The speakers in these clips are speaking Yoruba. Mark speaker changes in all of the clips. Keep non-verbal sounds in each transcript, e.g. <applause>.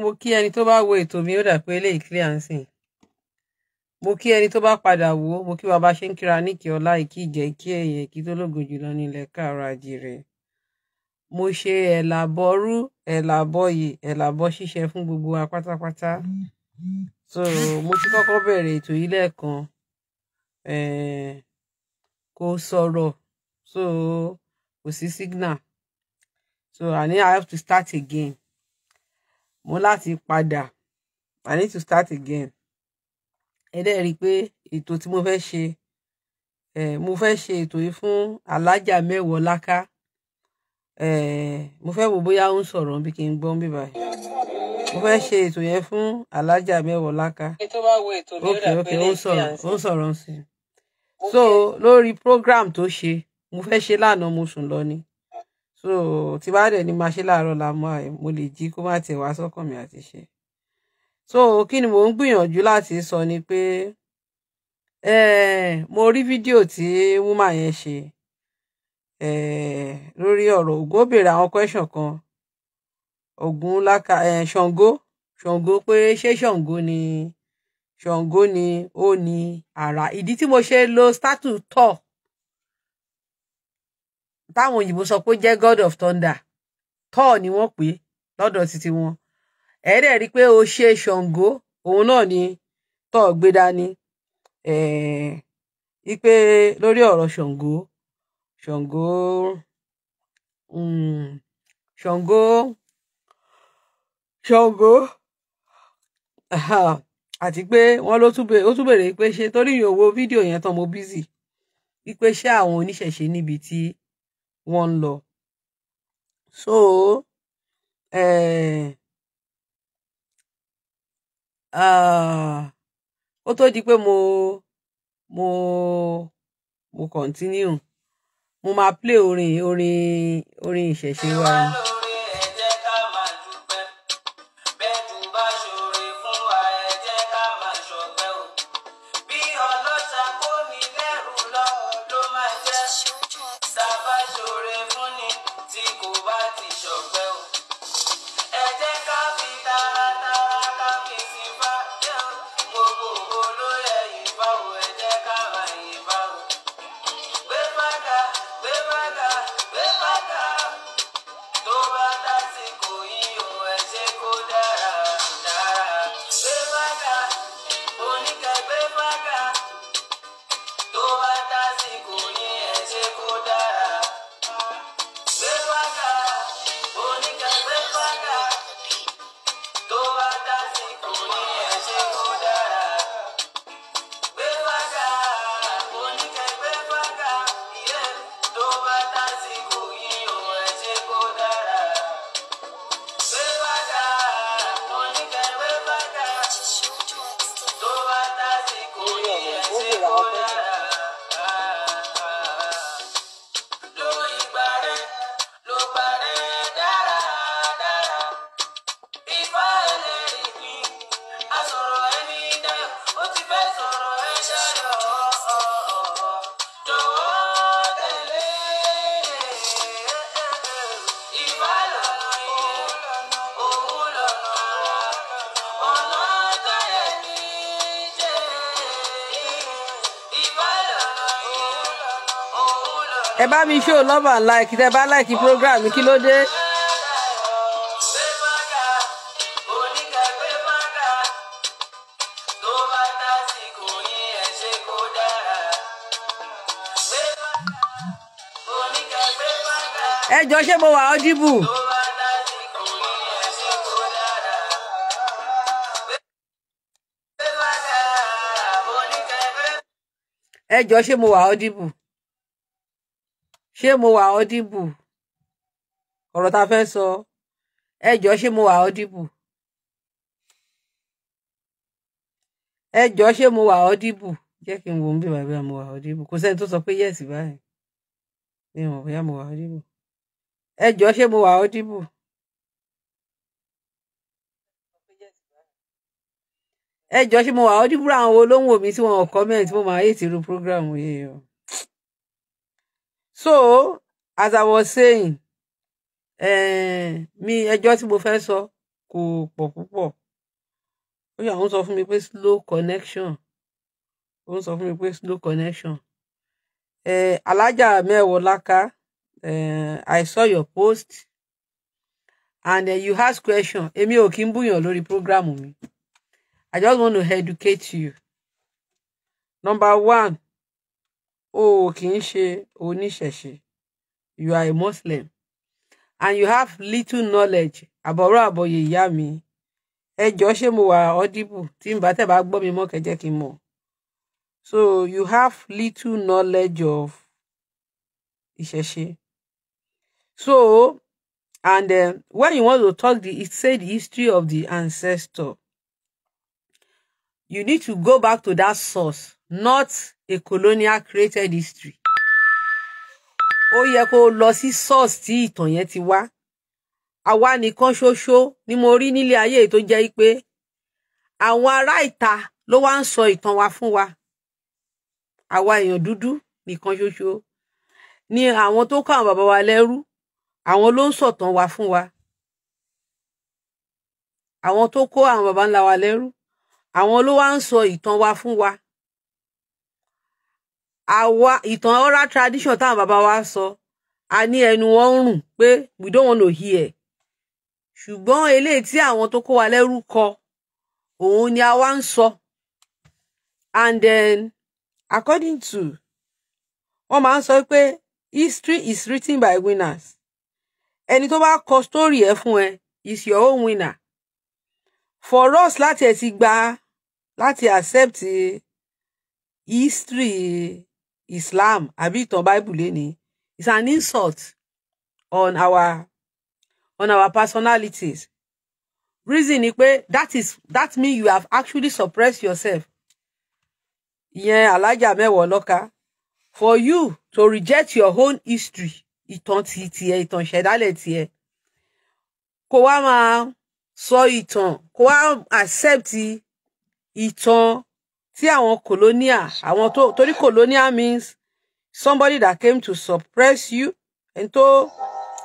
Speaker 1: mo kí ẹni tó bá wo ètò mi ó dà pé eléyìí clear ń sìn mo kí ẹni tó bá padà wò ó mo kí wa bá ṣe ń kíra níkì ọlá ìkí ìjẹ ìkí ẹyẹ ìkí tó lógo jùlọ nílẹ̀ káàárọ̀ oòjíire mo ṣe ẹlàbọrú ẹlàbọyì ẹlàbọ ṣíṣe fún gbogbo wa pátápátá so mo ti kọ́kọ́ bẹ̀rẹ̀ ètò yìí lẹ́ẹ̀kan kò sọ̀rọ̀ so kò sí signal so i need i have to start again mo láti padà i need to start again ẹ dẹ́ rí i pé ètò tí mo fẹ́ ṣe mo fẹ́ ṣe ètò yìí fún alájà mẹ́wọ̀ọ́ láká mo fẹ́ wo bóyá ó ń sọ̀rọ̀ bí kí n gbọ́ bí báyìí mo fẹ́ ṣe ètò yẹn fún alájà mẹ́wọ̀ọ́ láká
Speaker 2: ok ok ó ń sọ̀rọ̀ ó ń
Speaker 1: sọ̀rọ̀ sí i so lórí program tó ṣe mo fẹ́ ṣe lánàá mo sùn lọ ni so tí bá dẹ̀ ni máa ṣe láàárọ̀ la mọ́ ẹ̀ mo lè jí kó má tiẹ̀ wá sọ́kàn mi àti ṣe so kí ni mò ń gbìyànjú láti sọ ni pé mo rí fídíò tí wúmà yẹn ṣe lórí ọ̀rọ̀ ògùn ó béèrè àwọn question kan ògùn láka ṣàngó ṣàngó pé ṣé ṣàngó ni ṣàngó ni ó ní àrà ìdí tí mo ṣe lo statue tọ̀ táwọn òyìnbó sọ pé jẹ́ god of thunder Thor ni wọ́n pè lọ́dọ̀ títí wọn ẹ̀ẹ́dẹ̀ rí i pé ó ṣe Ṣàngó òun náà ni Thor gbé dání ipe lórí ọ̀rọ̀ Ṣàngó Ṣàngó hmm, Ṣàngó Ṣàngó àti pé wọ́n ló tún bèrè pé ṣe torí ìyòwò fídíò yẹn tán mo bízì wípé ṣé àwọn oníṣẹ̀ṣe níbi tí One law. so eh, uh, ó tó di pé mo mo mo continue mo máa play orin orin orin ìṣẹ̀ṣe wa. Wow. bá mi show love and like If bá like the program kí ló dé. ẹ jọ ṣé mo wà ọ́díbù. ẹ jọ ṣé mo wà ọ́díbù ṣé mo wà ọdíbù ọ̀rọ̀ tá fẹ́ sọ ẹ jọ ṣé mo wà ọdíbù ẹ jọ ṣé mo wà ọdíbù jẹ́ kí n wo bí bàbá mo wà ọdíbù kò sẹ́ni tó sọ pé yẹsì báyìí mi ò mọ̀ bóyá mo wà ọdíbù ẹ jọ ṣé mo wà ọdíbù. ẹ jọ ṣé mo wà ọdíbù àwọn olóhùn omi tí wọn ò kọ́mẹ̀ntì mo máa yé ti ru program yìí o so as i was saying eh, mi ẹjọ́ tí mo fẹ́ sọ kò pọ̀ púpọ̀ ó yà ń sọ fún mi pé slow connection ó ń sọ fún mi pé slow connection eh, alájà laka. eh, i saw your post and uh, you ask question Emi o kí ń búyàn lórí programu mi i just want to educate you number one o oh, kì í ṣe oníṣẹ̀ṣe you are a Muslim and you have little knowledge àbọ̀rọ̀ àbọ̀yè ìyá mi ẹ jọ ṣé mo wà audible tí n bá tẹ̀ bá gbọ́ mi mọ́ kẹjẹ́ kí n mọ̀ so you have little knowledge of ìṣẹ̀ṣe so and uh, when you want to talk the it say the history of the ancestor you need to go back to that source not a colonial created history ó yẹ kó lọ sí source tí ìtàn yẹn ti wá àwa nìkan ṣoṣo ni mo rí nílé ayé tó jẹ́ pé àwọn ará ìta ló wá ń sọ ìtàn wa fún wa àwa èèyàn dúdú nìkan ṣoṣo ni àwọn tó kọ àwọn bàbá wa lẹ́rú àwọn ló ń sọ̀tàn wa fún wa àwọn tó kó àwọn baba ńlá wa lẹ́rú àwọn ló wá ń sọ ìtàn wa fún wa àwa ìtàn oral tradition táwọn bàbá wa sọ a ní ẹnu wọn ń rùn pé we don't want to hear ṣùgbọ́n eléyìí tí àwọn tó kó wa lẹ́rú kọ òun ni a wá ń sọ and then according to wọ́n máa ń sọ pé history is written by winners ẹni tó bá kọ story ẹ fún ẹ is your own winner for us láti ẹ ti gba láti accept history islam àbí ìtàn bible lẹ́ni it's an insult on our on our personalities reason ni pé that is that mean you have actually suppressed yourself ìyẹn alájà mẹ́wọ̀ lọ́ka for you to reject your own history ìtàn ti tiẹ̀ ìtàn ìṣẹ̀dálẹ̀ tiẹ̀ kó wá máa sọ ìtàn kó wá accept ìtàn tí àwọn colonial àwọn tó torí colonial means somebody that came to suppress you ẹni tó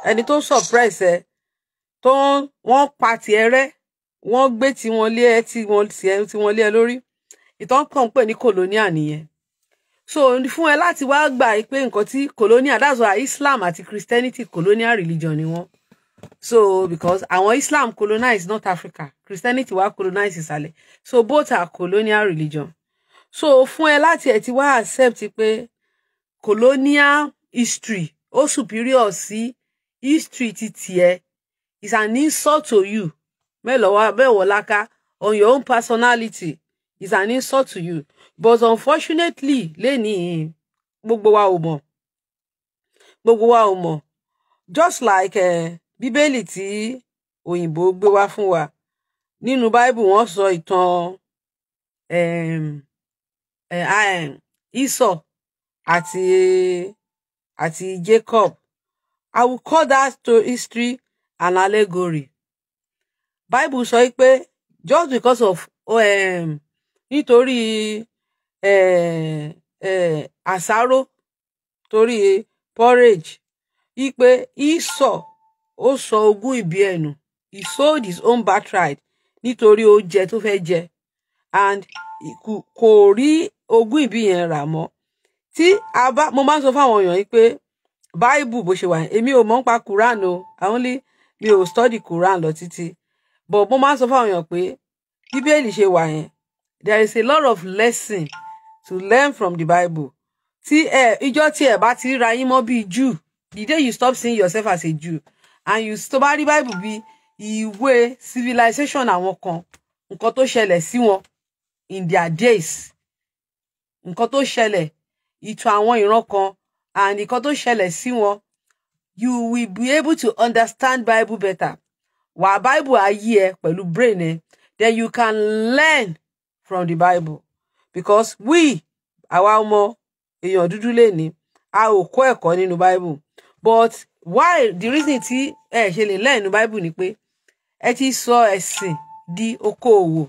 Speaker 1: ẹni tó suppress ẹ tó wọ́n pa tiẹ̀ rẹ́ wọ́n gbé tiwọn lé ẹ tiwọn lé ẹ lórí ìtàn kan pè ní colonial nìyẹn so fún ẹ láti wá gbà pé nǹkan tí colonial that's why Islam àti Christianity colonial religion ni wọ́n so because àwọn Islam colonize North Africa Christianity wa colonize ìsàlẹ̀ so both are colonial religion so fún ẹ láti ẹ ti wá accept pé colonial history ó superior sí history ti tiẹ̀ is an insult to you mẹ́lọ̀wá mẹ́wọ̀láká on your own personality is an insult to you but unfortunately lẹ́nìí gbogbo wa ò mọ̀ gbogbo wa ò mọ̀ just like uh, bíbélì tí òyìnbó gbé wá fún wa nínú báíbù wọ́n sọ ìtàn um, Eh, ah, eh, Esau àti àti Jacob I will call that history an allegory Bible sọ pé just because of um, nítorí uh, uh, àsáró torí porridge ipe Esau ó sọ ogún ìbí ẹ̀ he sold his own birthright nítorí oúnjẹ tó fẹ́ jẹ and kò rí ogún ìbí yẹn rà mọ́ tí a bá mo máa ń sọ fáwọn èèyàn yìí pé báìbù bó ṣe wà èmi ò mọ̀ pa quran o àwọn lè mi ò study quran lọ títí but mo máa ń sọ fáwọn èèyàn pé bíbélì ṣe wà yẹn there is a lot of lesson to learn from the bible tí ẹ ìjọ tí ẹ bá ti ríra yín mọ́ bíi jew the day you stop seeing yourself as a jew and you stop bá rí bible bíi ìwé civilization àwọn kan nǹkan tó ṣẹlẹ̀ sí wọn in their days nǹkan tó ṣẹlẹ̀ ìtàn àwọn ìran kan and nǹkan tó ṣẹlẹ̀ sí wọn you will be able to understand bible better wà bible ayé ẹ pẹ̀lú brain ẹ then you can learn from the bible because we àwa ọmọ èèyàn dúdú lè ní a ò kọ́ ẹ̀kọ́ nínú bible but why the reason tí ẹ ṣe lè learn nínú bible ni pé ẹ ti sọ ẹ̀sìn di okoòwò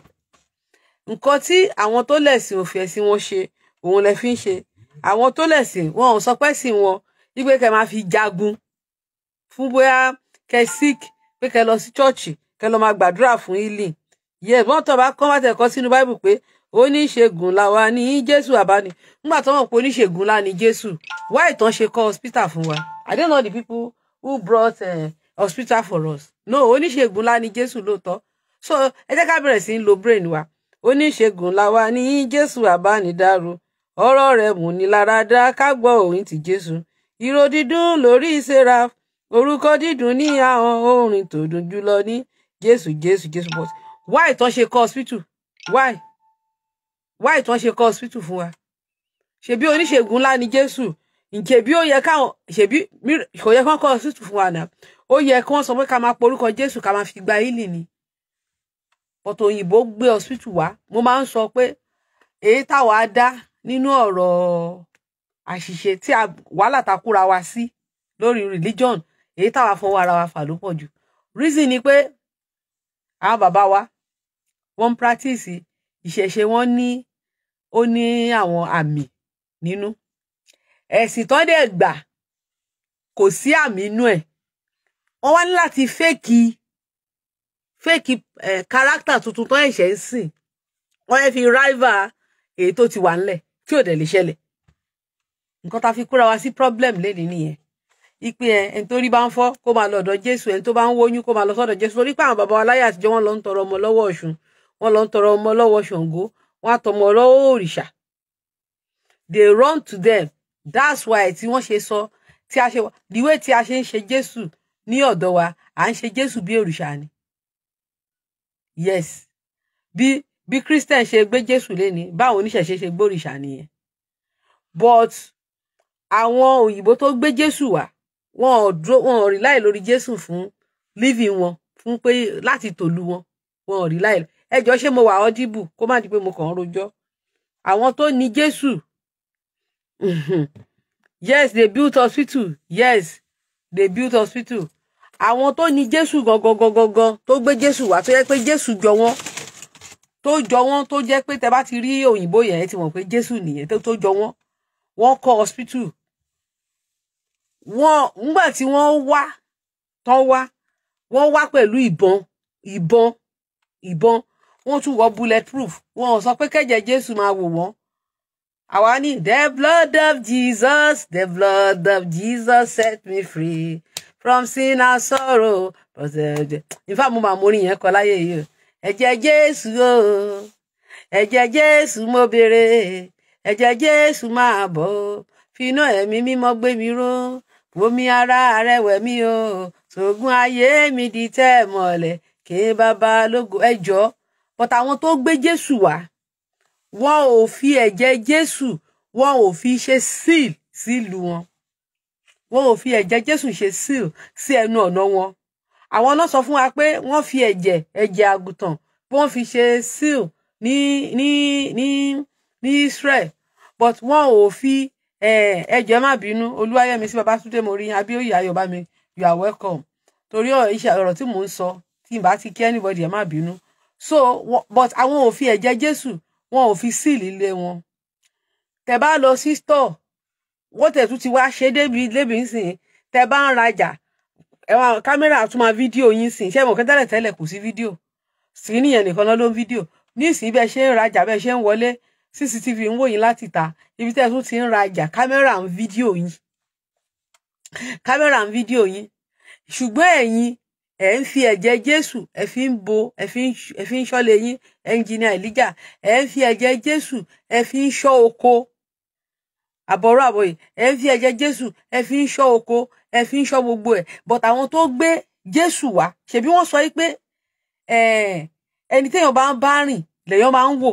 Speaker 1: nǹkan tí àwọn tó lẹ̀sìn òfin ẹ̀sìn wọn ṣe òun lẹ fi ń ṣe àwọn tó lẹ̀sìn wọn ò sọ sìn wọn wípé kẹ máa fi jagun fún bóyá kẹ sick pé kẹ lọ sí chọ́ọ̀chì kẹ lọ máa gbàdúrà fún healing yẹ wọn tó bá kọ́ bàtẹ̀ kọ́ sínú báìbù pé oníṣègùn làwa ní jésù àbáni nígbà tó mọ̀ pé oníṣègùn lá ní jésù wá ìtàn ṣe kọ́ hospital fún wa i don't know the people who brought uh, hospital for us no oníṣègùn lá ní jésù lóòótọ́ so ẹ jẹ́ ká bẹ̀rẹ̀ sí í lo brain wa oníṣègùn làwa ní jésù àbánidáró ọ̀rọ̀ rẹ̀ mú ni lára dá ká gbọ́ orin ti Jésù ìró dídùn lórí seraph orúkọ dídùn ní àwọn orin tó dùn jùlọ ní Jésù Jésù Jésù but why tán ṣe kọ hospital why why tán ṣe kọ hospital fún wa ṣebí oníṣègùn ńlá ni Jésù ǹjẹ́ bí ó yẹ káwọn ṣebí kò yẹ kán kọ hospital fún wa náà ó yẹ kí wọ́n sọ pé ká máa porúkọ Jésù ká máa fi gba healing ni ọ̀tọ̀ òyìnbó gbé hospital wá mo máa ń sọ pé èyí táwa dá nínú ọ̀rọ̀ àṣìṣe tí wàhálà ta kúra wa sí lórí religion èyí táwa fọwọ́ ara wa fà ló pọ̀ jù reason ni pé àwọn bàbá wa wọ́n ń practice ìṣẹ̀ṣe wọn ní ó ní àwọn àmì nínú ẹ̀sìn tó dẹ̀ gbà kò sí àmì inú ẹ̀ wọ́n wá ní láti fẹ́ẹ̀kì fẹ́ẹ̀kì ẹ̀ káràkítà tuntun tó ẹ̀ṣẹ̀ ń sìn wọ́n yẹ fi rival èyí tó ti wà ńlẹ̀ tí ò dẹ̀ lè ṣẹlẹ̀ nǹkan tá fi kóra wa sí problem lẹ́ni nìyẹn ipe ẹ ẹni tó rí bá ń fọ́ kó máa lọ ọ̀dọ̀ jésù ẹni tó bá ń wóyún kó máa lọ sọ́dọ̀ jésù torí pé àwọn bàbá wa láyé àtijọ́ wọn lọ ń tọrọ ọmọ lọ́wọ́ ọ̀ṣun wọn lọ ń tọrọ ọmọ lọ́wọ́ ṣàngó wọn àtọmọ lọ́wọ́ òrìṣà they run to them that's why tí wọ́n ṣe sọ tí a ṣe the way tí a ṣe ń ṣe jésù ní ọ̀dọ̀ wa à ń ṣe jésù bí òrìṣà ni yes bí bí christian ṣe gbé jésù léni báwọn oníṣẹ̀ṣe ṣe gbóríṣà nìyẹn but àwọn òyìnbó tó gbé jésù wá wọn ò dúró wọn ò rí láì lórí jésù fún living wọn fún pé láti tòlu wọn wọn ò rí láì ẹjọ ṣé mo wà ọdíbù kó má di pé mo kàn ń rojọ́ àwọn tó ní jésù <laughs> yes they built hospital yes they built hospital àwọn tó ní jésù gangan gangan tó gbé jésù wá tó yẹ pé jésù jọ wọn tó jọ wọ́n tó jẹ́ pé tẹ bá ti rí òyìnbó yẹn ẹ ti mọ̀ pé Jésù nìyẹn tó jọ wọ́n wọ́n kọ́ hospital wọ́n nígbà tí wọ́n wá tán wá wọ́n wá pẹ̀lú ìbọn ìbọn ìbọn wọ́n tún wọ bullet proof wọ́n sọ pé kẹ́jẹ̀ Jésù máa wò wọ́n àwa ní the blood of Jesus the blood of Jesus set me free from sin and sorrow but uh, in fact mo máa mọ orin yẹn kọ láyé yìí o ẹ̀jẹ̀ jésù o ẹ̀jẹ̀ jésù mo béèrè ẹ̀jẹ̀ jésù máa bọ̀ finá ẹ̀mí mímọ́ gbé mi ró bomi ara rẹ̀ wẹ̀ o ṣògùn ayé mi di tẹ́ ẹ̀ mọ́lẹ̀ kí bàbá lógo ẹjọ́ bọ́tà àwọn tó gbé jésù wá wọn ò fi ẹ̀jẹ̀ jésù wọn ò fi ṣe síl sílùú wọn wọn ò fi ẹ̀jẹ̀ jésù ṣe síl sí ẹnu ọ̀nà wọn àwọn náà sọ fún wa pé wọ́n fi ẹ̀jẹ̀ ẹ̀jẹ̀ àgùntàn wọ́n fi ṣe seal ní ní ní ní Israel but wọn ò fi ẹ̀jẹ̀ má bínú Olúwayẹmísí Babátúndé Morí Abíóyè Ayọ̀bámi you are welcome torí ọ̀rọ̀ tí mò ń sọ tí n bá ti kí anybody ẹ má bínú so but àwọn ò fi ẹ̀jẹ̀ Jésù wọn ò fi seal ilé wọn tẹ bá lọ sí store wọ́n tẹ̀ tún ti wá ṣe débi lébi nsìn tẹ bá ń rajà ẹ wá kámẹ́rà tún máa fídíò yín sìn ṣé ìmọ̀ kẹ́tẹ́lẹ̀ tẹ́lẹ̀ kò sí fídíò screen yẹn nìkan ló ń fídíò ní ìsìn bẹ́ẹ̀ ṣe ń rajà bẹ́ẹ̀ ṣe ń wọlé cctv ń wò yín láti ta ibi tẹ́ ẹ tún ti ń rajà kámẹ́rà ń fídíò yín kámẹ́rà ń fídíò yín ṣùgbọ́n ẹ̀yin ẹ̀ ń fi ẹ̀jẹ̀ jésù ẹ̀ fi ń bo ẹ̀ fi ń ṣọ́lé yín ẹnjìnìà ìlíjà ẹ̀ ń fi ẹ̀jẹ̀ jésù ẹ̀ fi ń ṣọ́ oko àbọ̀rọ̀ àbọ̀yè ẹ̀ ń fi ẹ̀jẹ̀ jésù ẹ̀ fi ń ṣọ́ oko ẹ fi ń ṣọ́ gbogbo ẹ̀ but àwọn tó gbé Jésù wá ṣebí wọ́n sọ pé ẹni téèyàn bá ń bá rìn lèèyàn máa ń wò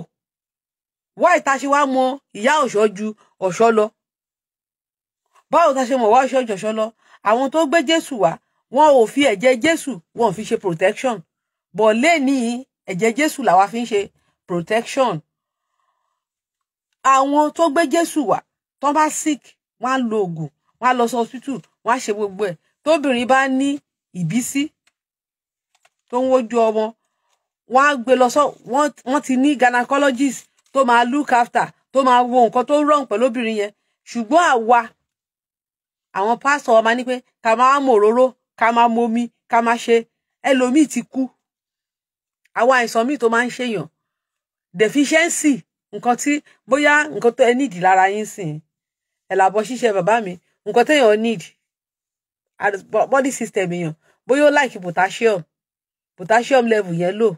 Speaker 1: wáì ta ṣe wá mọ ìyá ọ̀ṣọ́ ju ọ̀ṣọ́ lọ báwo ta ṣe mọ̀ wá ọ̀ṣọ́ ju ọ̀ṣọ́ lọ àwọn tó gbé Jésù wá wọn ò fi ẹ̀jẹ̀ Jésù wọn ò fi ṣe protection bọ̀ lẹ́ni ẹ̀jẹ̀ Jésù làwa fi ń ṣe protection àwọn tó gbé Jésù wá tán bá sick wọn á lo oògùn wọn á lọ sí hospital wọ́n á ṣe gbogbo ẹ̀ tóbìnrin bá ní ìbísí tó ń wojú ọmọ wọ́n á gbé lọ sọ wọ́n ti ní gynecologist tó máa look after tó máa wo nǹkan tó rọrùn pẹ̀lú obìnrin yẹn ṣùgbọ́n àwa àwọn pásítọ̀ wa máa ní pé ká máa mọ òróró ká máa momi ká máa ṣe ẹlòmíì ti kú àwọn àìsàn míì tó máa ń ṣèyàn deficiency nǹkan tí bóyá nǹkan tó ẹ nídìí lára yín sìn ẹ làbọ ṣíṣe bàbá mi nǹkan téèyàn nídìí And body system èèyàn bóyá ó like potassium potassium level yẹn low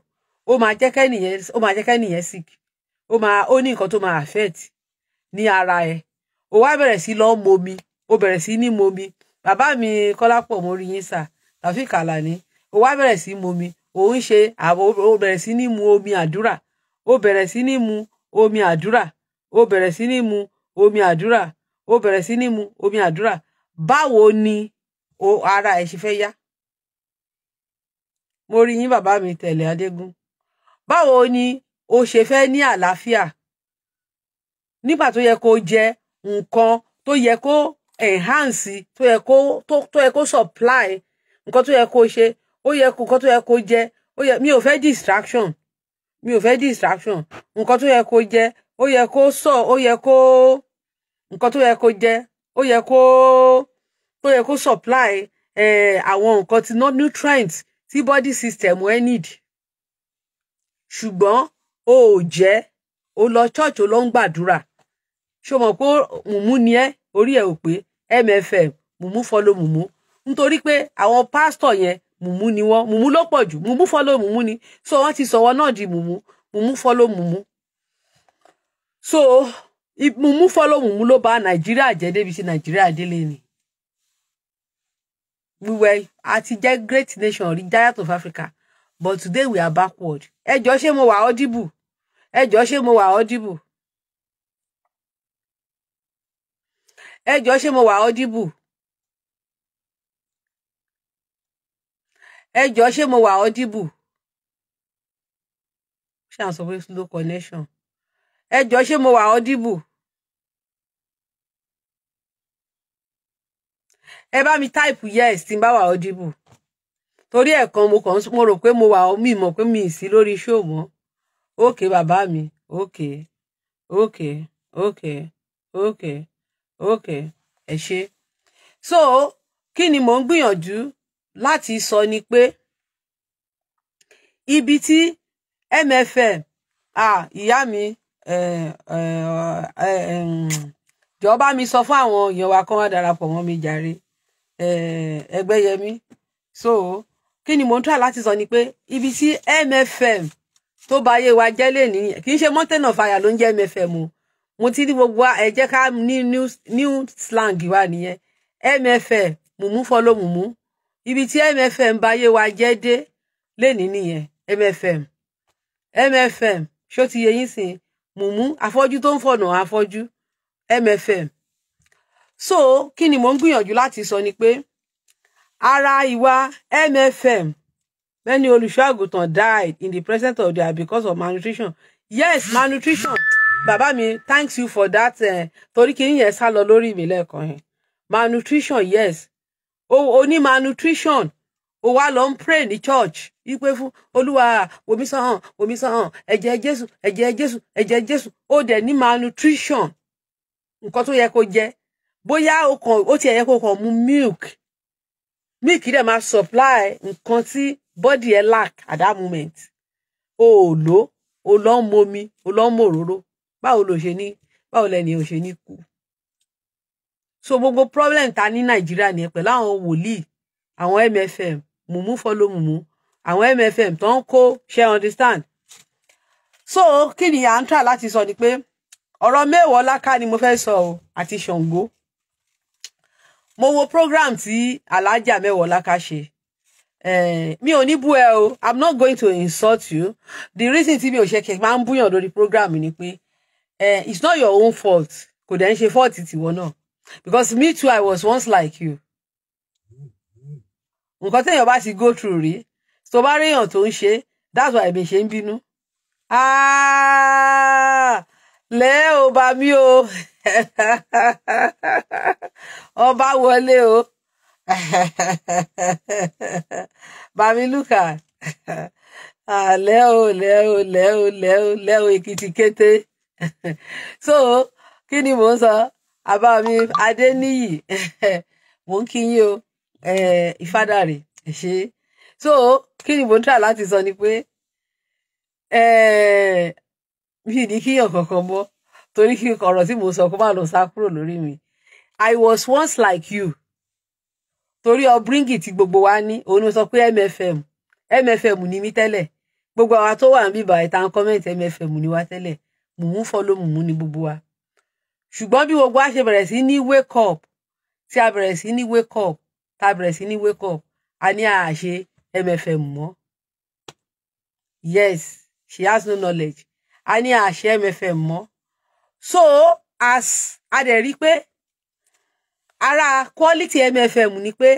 Speaker 1: ó máa jẹ́ O ma máa jẹ́ kẹ́nìyẹn sick O ma O ni nǹkan tó máa affect ni ara ẹ̀ ó wá bẹ̀rẹ̀ sí lọ́ọ́ momi O bẹ̀rẹ̀ sí ní momi bàbá mi kọ́lápọ̀ mo rí yín sà Tàfíì ni. O wa bẹ̀rẹ̀ sí momi òun ṣe ó bẹ̀rẹ̀ sí ní mu omi àdúrà ó bẹ̀rẹ̀ sí ní mu omi àdúrà ó bẹ̀rẹ̀ sí ni mu omi àdúrà ó bẹ̀rẹ̀ sí ni mu omi àdúrà báwo ni o ara ẹ̀ ṣe fẹ́ yá mo rí yín bàbá mi tẹlẹ adégún báwo ni o ṣe fẹ́ ní àlàáfíà nígbà tó yẹ kó jẹ nǹkan tó yẹ kó enhance tó yẹ kó tó tó yẹ kó supply nǹkan tó yẹ kó ṣe ó yẹ kó nǹkan tó yẹ kó jẹ ó yẹ mi ò fẹ́ distraction mi ò fẹ́ distraction nǹkan tó yẹ kó jẹ ó yẹ kó sọ ó yẹ kó nǹkan tó yẹ kó jẹ ó yẹ kó. tó yẹ kó supply àwọn nǹkan tí no nutrients tí body system ẹ need ṣùgbọ́n o ò jẹ́ o lọ church o lọ ń gbàdúrà ṣó mọ̀ pé mùmú ni ẹ́ orí ẹ̀ ò pé mfm mùmú follow mùmú nítorí pé àwọn pastor yẹn mùmú ni wọ́n mùmú ló pọ̀ jù mùmú follow mùmú ni so wọ́n ti sọ̀wọ́ náà di mùmú mùmú follow mùmú so mùmú follow mùmú ló bà nàìjíríà jẹ́ débi tí nàìjíríà délé ni we were àti great nation diet of Africa but today we are backward ẹjọ́ ṣé mo wa audible ẹjọ́ ṣé mo wà audible ẹjọ́ ṣé mo mo slow connection mo ẹ bá mi táìpù yes tí n bá wà audible torí ẹ̀kan mo kàn mo rò pé mo wà mí mọ̀ pé mi sí lórí show mọ́ okay bàbá mi okay okay okay okay okay ẹ ṣe so kí ni mò ń gbìyànjú láti sọ ni pé ibi tí MFM ah ìyá mi jọ̀ọ́ bá mi sọ fún àwọn èèyàn wa kán wá darapọ̀ mọ́ mi jàre Eh, ẹgbẹ́yẹmí so kí ni mò ń try láti sọ ni pé ibi tí mfm tó bá yé wa jẹ́ lè nìyẹn kì í ṣe mountain of fire ló ń jẹ́ mfm o mo ti ní gbogbo ẹ jẹ́ ká ní new slang wa nìyẹn mfm mùmú follow mùmú ibi tí mfm bá yé wa jẹ́ dé lè nìyẹn mfm mfm ṣó ti yẹ yín sìn mùmú afọ́jú tó ń fọ̀nà afọ́jú mfm so kí ni mò ń gbìyànjú láti sọ ni pé ara ìwà MFM many olùṣọ́ àgùntàn died in the presence of their because of malnutrition yes malnutrition bàbá mi thanks you for that uh, torí kí n yẹn sá lọ lórí mi lẹ́ẹ̀kan yẹn malnutrition yes o ní malnutrition o wá lọ ń pray ní church wípé fún olúwa wòmí sàn hàn wòmí sàn hàn ẹ̀jẹ̀ jésù ẹ̀jẹ̀ jésù ẹ̀jẹ̀ jésù ó dẹ̀ ní malnutrition nǹkan tó yẹ kó jẹ bóyá o kàn ó ti ẹ̀yẹ kó kàn mu milk milk dẹ̀ máa supply nǹkan tí body ẹ̀ lack at that moment o ò lò o lọ́ ń momi o lọ́ ń mòróró báwo lo ṣe ní báwo lẹ́ni o ṣe ní kú so gbogbo problem ta ní nàìjíríà ni pẹ̀lú àwọn wòlíì àwọn mfm mùmú follow mùmú àwọn mfm tó ń kó ṣe understand so kí ni à ń tà láti sọ ni pé ọ̀rọ̀ mẹ́wọ̀ọ́ láká ni mo fẹ́ sọ o àti ṣàngó mo wo program tí alájà mẹ́wọ̀ọ́lá ká ṣe eh, mi ò ní bú ẹ o i'm not going to insult you the reason ti mi ò ṣe kẹ máa ń búyàn lórí program ni pé eh, it's not your own fault kò dẹ̀ ń ṣe fault tiwọ náà because me too i was once like you nǹkan téèyàn bá ti go through rí tó bá réèyàn tó ń ṣe that's why èmi ṣe ń bínú ah, lẹ́ẹ̀ ò bá mi o ọba <laughs> wọlé o bàmí <laughs> lùkà <laughs> ah, lẹ́ o lẹ́ o lẹ́ o lẹ́ o lẹ́ o èkìtì kété so kí ni mò ń sọ àbá mi adéníyì mò ń kí yín o ìfádàrè ṣe so kí ni mò ń tà láti sọ ni pé mi ì ní kíyàn kankan mọ́ torí kí ọ̀rọ̀ tí mo sọ kó má lọ sá kúrò lórí mi i was once like you torí ọbríngì tí gbogbo wa ní òun ni mo sọ pé mfm mfm ni mí tẹ́lẹ̀ gbogbo àwa tó wà ń bíbà ìta ń kọ́mẹ́ǹtì mfm ni wa tẹ́lẹ̀ mùmú fọlọ́ mùmú ni gbogbo wa ṣùgbọ́n bí gbogbo wa ṣe bẹ̀rẹ̀ sí ní wake up tí a bẹ̀rẹ̀ sí ní wake up tá a bẹ̀rẹ̀ sí ní wake up a ní àṣe mfm mọ́ yes she has no knowledge a ní àṣe mfm mọ́ so as a dẹ̀ rí pé ara quality MFM ni pé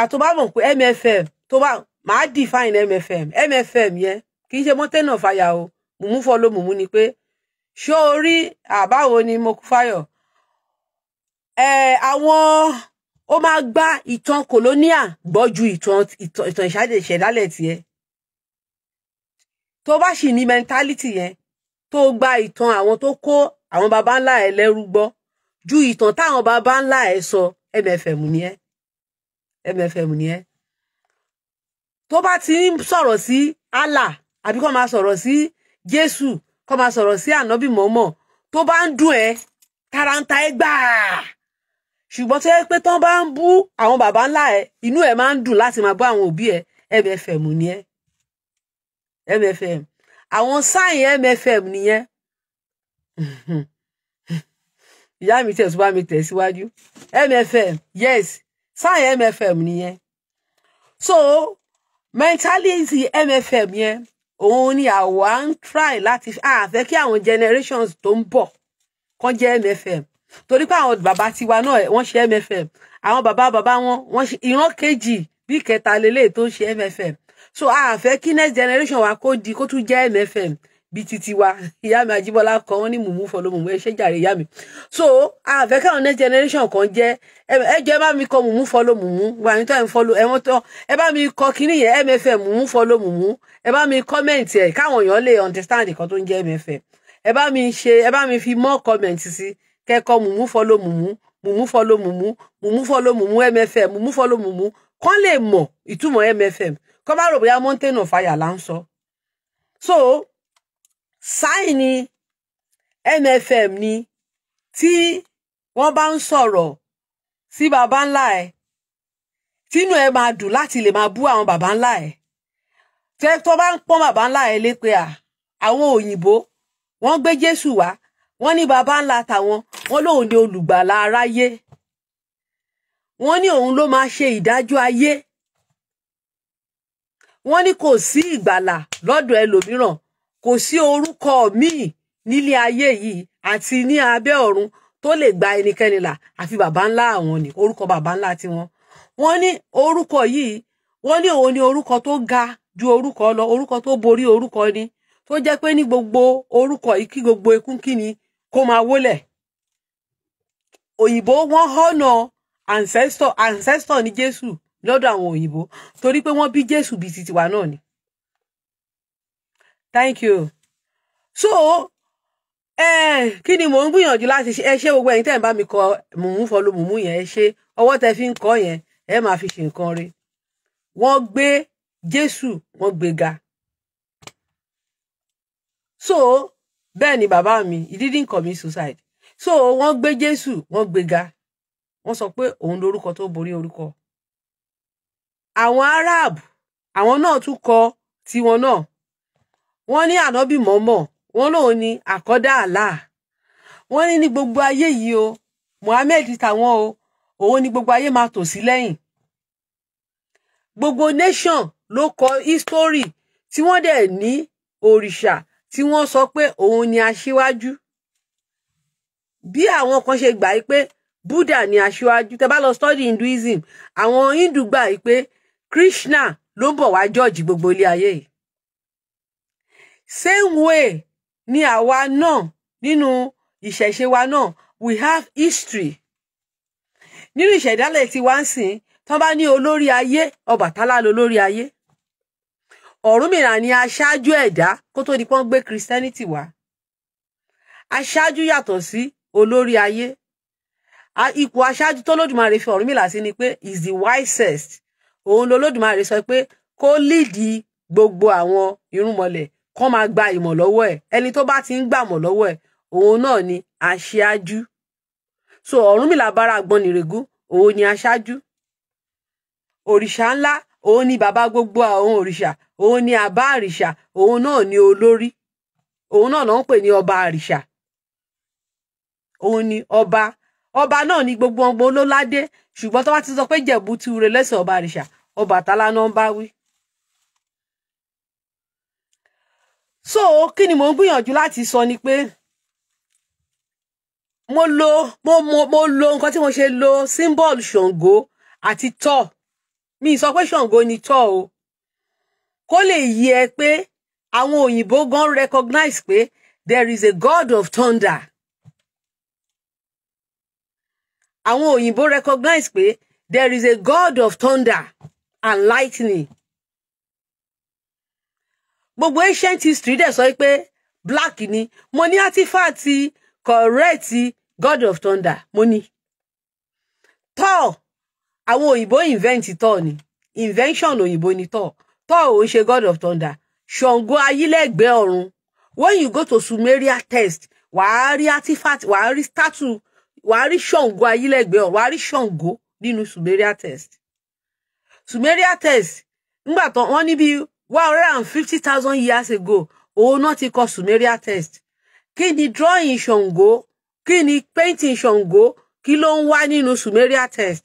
Speaker 1: àtọ́ bá mọ̀ pé MFM tó bá máa define MFM MFM yẹn kì í ṣe mountain of fire o mùmú fọlọ́ mùmú ni pé ṣó o rí àbáwo ni Mokufayo ẹ àwọn ó máa gba ìtàn kòlóníà gbọ́ ju ìtàn ìṣẹ̀dálẹ̀ tiẹ̀ tó bá sì ní mentality yẹn tó gba ìtàn àwọn tó kó àwọn baba ńlá ẹ lẹ́rú gbọ́ ju ìtàn táwọn baba ńlá ẹ sọ MFM ni ẹ MFM ni ẹ tó bá ti ń sọ̀rọ̀ sí Allah àbí kó máa sọ̀rọ̀ sí Jésù kó máa sọ̀rọ̀ sí ànábì mọ́mọ́ tó bá ń dùn ẹ taranta ẹ gbàá ṣùgbọ́n tó yẹ pé tán bá ń bú àwọn baba ńlá ẹ inú ẹ máa ń dùn láti máa bú àwọn òbí ẹ MFM ni ẹ MFM àwọn sáyìn mfm nìyẹn ìyá mi tẹ̀ tó bá mi tẹ̀ síwájú mfm yes sáyìn mfm nìyẹn so mentality mfm yẹn òun ni àwa ń try láti àfẹ́ kí àwọn generations tó ń bọ̀ kán jẹ́ mfm torí pé àwọn bàbá tiwa náà wọ́n ṣe mfm àwọn bàbá bàbá wọn wọ́n ṣe ìran kejì bí kẹta lélẹ̀ tó ń ṣe mfm so a fẹ́ kí next generation wa kó di kó tún jẹ́ MFM bíi titi wa ìyá mi Àjíbọ́lá kan wọ́n ní mùmú fọ lómùmú ẹ ṣe jàre ìyá mi so a fẹ́ káwọn next generation kan jẹ́ ẹ jọ ẹ bá mi kọ mùmú fọ lómùmú wà ní tó ẹ ń fọlọ ẹ wọ́n tán ẹ bá mi kọ kíní yẹn MFM mùmú fọ lómùmú ẹ bá mi kọ́mẹ̀ntì ẹ káwọn èèyàn lè understand nǹkan tó ń jẹ́ MFM ẹ bá mi ṣe ẹ bá mi fi more comment sí kẹ́kọ̀ọ́ mùmú fọ lómùmú mùmú fọ lómùmú mùmú fọ lómùmú MFM mùmú fọ lómùmú kán lè mọ̀ ìtumọ̀ MFM kọ́ má rò bóyá mountain of fire là ń sọ so sáì ni MFM ni tí wọ́n bá ń sọ̀rọ̀ sí baba ńlá ẹ̀ tínú ẹ̀ máa dùn láti lè máa bú àwọn baba ńlá ẹ̀ tẹ́ tó bá ń pọ́n baba ńlá ẹ̀ lépè à àwọn òyìnbó wọ́n gbé Jésù wá wọ́n ní baba ńlá tàwọn wọ́n lóun ni olùgbàlà aráyé wọ́n ní òun ló máa ṣe ìdájọ́ ayé wọ́n ní kò sí ìgbàlà lọ́dọ̀ ẹlòmíràn kò sí orúkọ míì nílé ayé yìí àti ní abẹ́ ọ̀run tó lè gba ẹnikẹ́ni là àfi baba ńlá àwọn ni orúkọ baba ńlá tiwọn wọ́n ní orúkọ yìí wọ́n ní òun ni orúkọ tó ga ju orúkọ lọ orúkọ tó borí orúkọ ni tó jẹ́ pé ní gbogbo orúkọ yìí kí gbogbo ekún kíni kó máa wólẹ̀ òyìnbó wọ́n họ́nà ancestor ancestor ni Jésù lọ́dọ̀ àwọn òyìnbó torí pé wọ́n bí Jésù bíi ti tiwa náà ni. thank you so eh, kí ni mò ń gbìyànjú láti ṣe ẹ ṣe gbogbo ẹ̀yin tẹ́ ẹ̀ ń bá mi kọ mùmú fọlọ mùmú yẹn ẹ ṣe ọwọ́ tẹ́ fi ń kọ yẹn ẹ máa fi ṣe nǹkan rẹ̀ wọ́n gbé Jésù wọ́n gbé ga so bẹ́ẹ̀ ni bàbá mi he didn't commit suicide so wọ́n gbé Jésù wọ́n gbé ga wọ́n sọ pé òun lórúkọ tó borí orúkọ àwọn arab àwọn náà tún kọ tiwọn náà wọ́n ní ànábì mọ́mọ́ wọ́n lòun ní àkọ́dá Allah wọ́n ní ní gbogbo ayé yìí o Muhammad tàwọn o òun ní gbogbo ayé máa tò sí lẹ́yìn gbogbo nation ló kọ history tí wọ́n dẹ̀ ní òrìṣà tí wọ́n sọ pé òun ni aṣíwájú bí àwọn kan ṣe gbà yí pé Buddha ni aṣíwájú tẹ́ bá lọ study Hinduism àwọn Hindu gbà yí pé krishna ló ń bọ̀ wá jọ́ọ̀jì gbogbo ilé ayé yìí same way ni àwa náà nínú ìṣẹ̀ṣe wa náà we have history nínú ìṣẹ̀dálẹ̀ tí wá ń sìn tán bá ní olórí ayé Ọbàtálá ló lórí ayé Ọ̀rúnmìlà ni aṣáájú ẹ̀dá kó tó di pọ́n gbé Christianity wá aṣáájú yàtọ̀ sí olórí ayé ipò aṣáájú tó Olódùmarè fi Ọ̀rúnmìlà sí ni pé is the wisest òun lolódùmarè sọ pé kó líìdì gbogbo àwọn irúnmọlẹ̀ kó máa gba ìmọ̀ lọ́wọ́ ẹ̀ ẹni tó bá ti ń gbàmọ̀ lọ́wọ́ ẹ̀ òun náà ni aṣáájú so Ọ̀rúnmìlà bára Àgbọnnìrègún òun ni aṣáájú òrìṣà ńlá òun ni bàbá gbogbo àwọn òrìṣà òun ni àbá àrìṣà òun náà ni olórí òun náà ló ń pè ní ọba àrìṣà òun ni ọba ọba náà ni gbogbo ọgbọ́n ló ṣùgbọ́n tó bá ti sọ pé jẹ̀bú ti ure lẹ́sẹ̀ ọba àrìṣà Ọbàtálá náà ń bá wí. so kí ni mo ń gbìyànjú láti sọ ni pé mo lo mo mo mo lo nǹkan tí mo ṣe lo symbol Ṣàngó àti tọ mi sọ pé Ṣàngó ni tọ o kó lè yé pé àwọn òyìnbó gan recognize pé there is a god of thunder àwọn òyìnbó recognize pé there is a god of thunder and lightning gbogbo ancient history dẹ̀ sọ pé black ni mo ní artifact correct god of thunder mo ní Thor àwọn òyìnbó invent Thor ni invention òyìnbó ni Thor Thor ò ń ṣe god of thunder Ṣàngó ayílẹ̀gbẹ́ ọ̀run when you go to Sumeria test wàá rí artifact wàá rí statue wàá rí ṣàǹgó ayílẹ̀gbẹ́ ọ̀run wàá rí ṣàǹgó nínú sumeria test sumeria test ńgbà tán wọ́n ní bíi one hundred and fifty thousand years ago òun náà ti kọ sumeria test kí ni drawing ṣàǹgó kí ni painting ṣàǹgó kí ló ń wá nínú sumeria test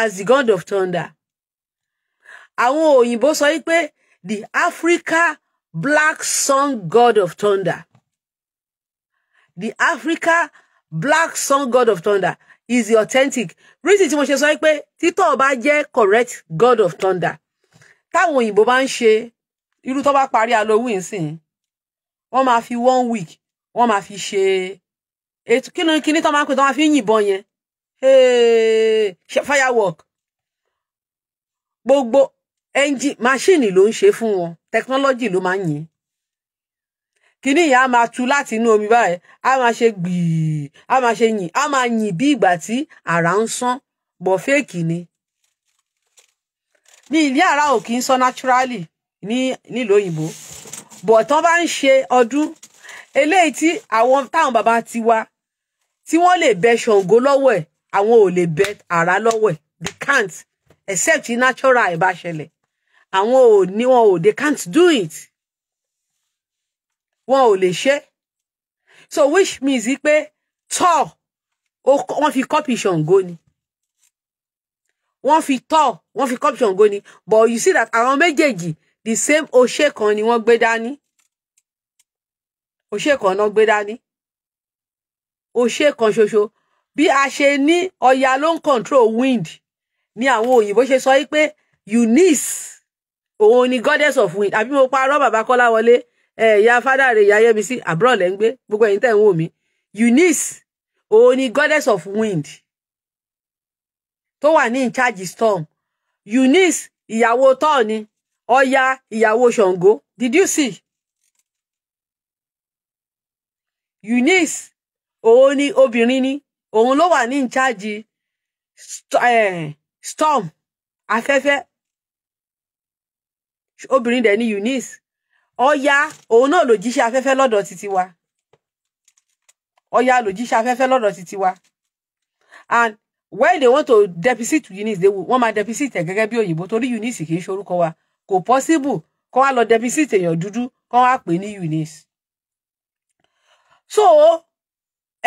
Speaker 1: as the god of thunder àwọn òyìnbó sọ wípé the africa black sun god of thunder the africa black sun god of thunder is the authentic reason tí mo ṣe sọ pé títọ́ bá jẹ́ correct god of thunder táwọn òyìnbó bá ń ṣe irú tó bá parí halloween sìn wọ́n máa fi one week wọ́n máa fi ṣe ètò kí ni kíní tó máa ń pè tó máa fi ń yìnbọn yẹn ṣe firework gbogbo engine machine ló ń ṣe fún wọn technology ló máa ń yìn kíní yẹn á máa tu láti inú omi báyìí á máa ṣe gbìí á máa ṣe yìn á máa yìn bí ìgbà tí àrà ń sán bọ̀ fẹ́ẹ̀kì ni ní ilé àrà ò kì í sán naturally ní nílùú òyìnbó bọ̀ tán bá ń ṣe ọdún eléyìí tí àwọn táwọn bàbá ti wá tí wọ́n lè bẹ Ṣàngó lọ́wọ́ ẹ̀ àwọn ò lè bẹ àrà lọ́wọ́ ẹ̀ they can't except natural ẹ̀ bá ṣẹlẹ̀ àwọn ò ní wọn ò they can't do it wọn ò lè ṣe so which means pé tọ́ wọ́n fi copy Ṣàngó ni wọ́n fi tọ́ wọ́n fi copy Ṣàngó ni but you see that àwọn méjèèjì the same òṣè kan ni wọ́n gbé dání òṣè kan náà gbé dání òṣè kan ṣoṣo bí a ṣe ní ọya ló ń control wind ni àwọn òyìnbó ṣe sọ wípé Eunice òun ni goddess of wind àbí mo pa parọ́ bàbá Kọ́láwọlé Eh, ìyá fada rẹ̀ ya yẹmi sí àbúrò lẹ́ ń gbé gbogbo ẹ̀yin tẹ ń wò mí Eunice òun ni goddess of wind tó wà ní in charge storm Eunice ìyàwó tọ́ọ̀ ni Ọya ìyàwó Ṣàngó did you see Eunice òun ni obìnrin ni òun ló wà ní in charge eh, storm afẹ́fẹ́ obìnrin dẹ̀ ni Eunice ọya òun náà lòjíṣẹ́ afẹ́fẹ́ lọ́dọ̀ títí wa ọya lòjíṣẹ́ afẹ́fẹ́ lọ́dọ̀ títí wa and when they want to deposit Eunice they will wọ́n máa deposit ẹ̀ gẹ́gẹ́ bí òyìnbó torí Eunice kì í ṣe orúkọ wa kò possible kó wá lọ deposit èèyàn dúdú kó wá pè ní Eunice. so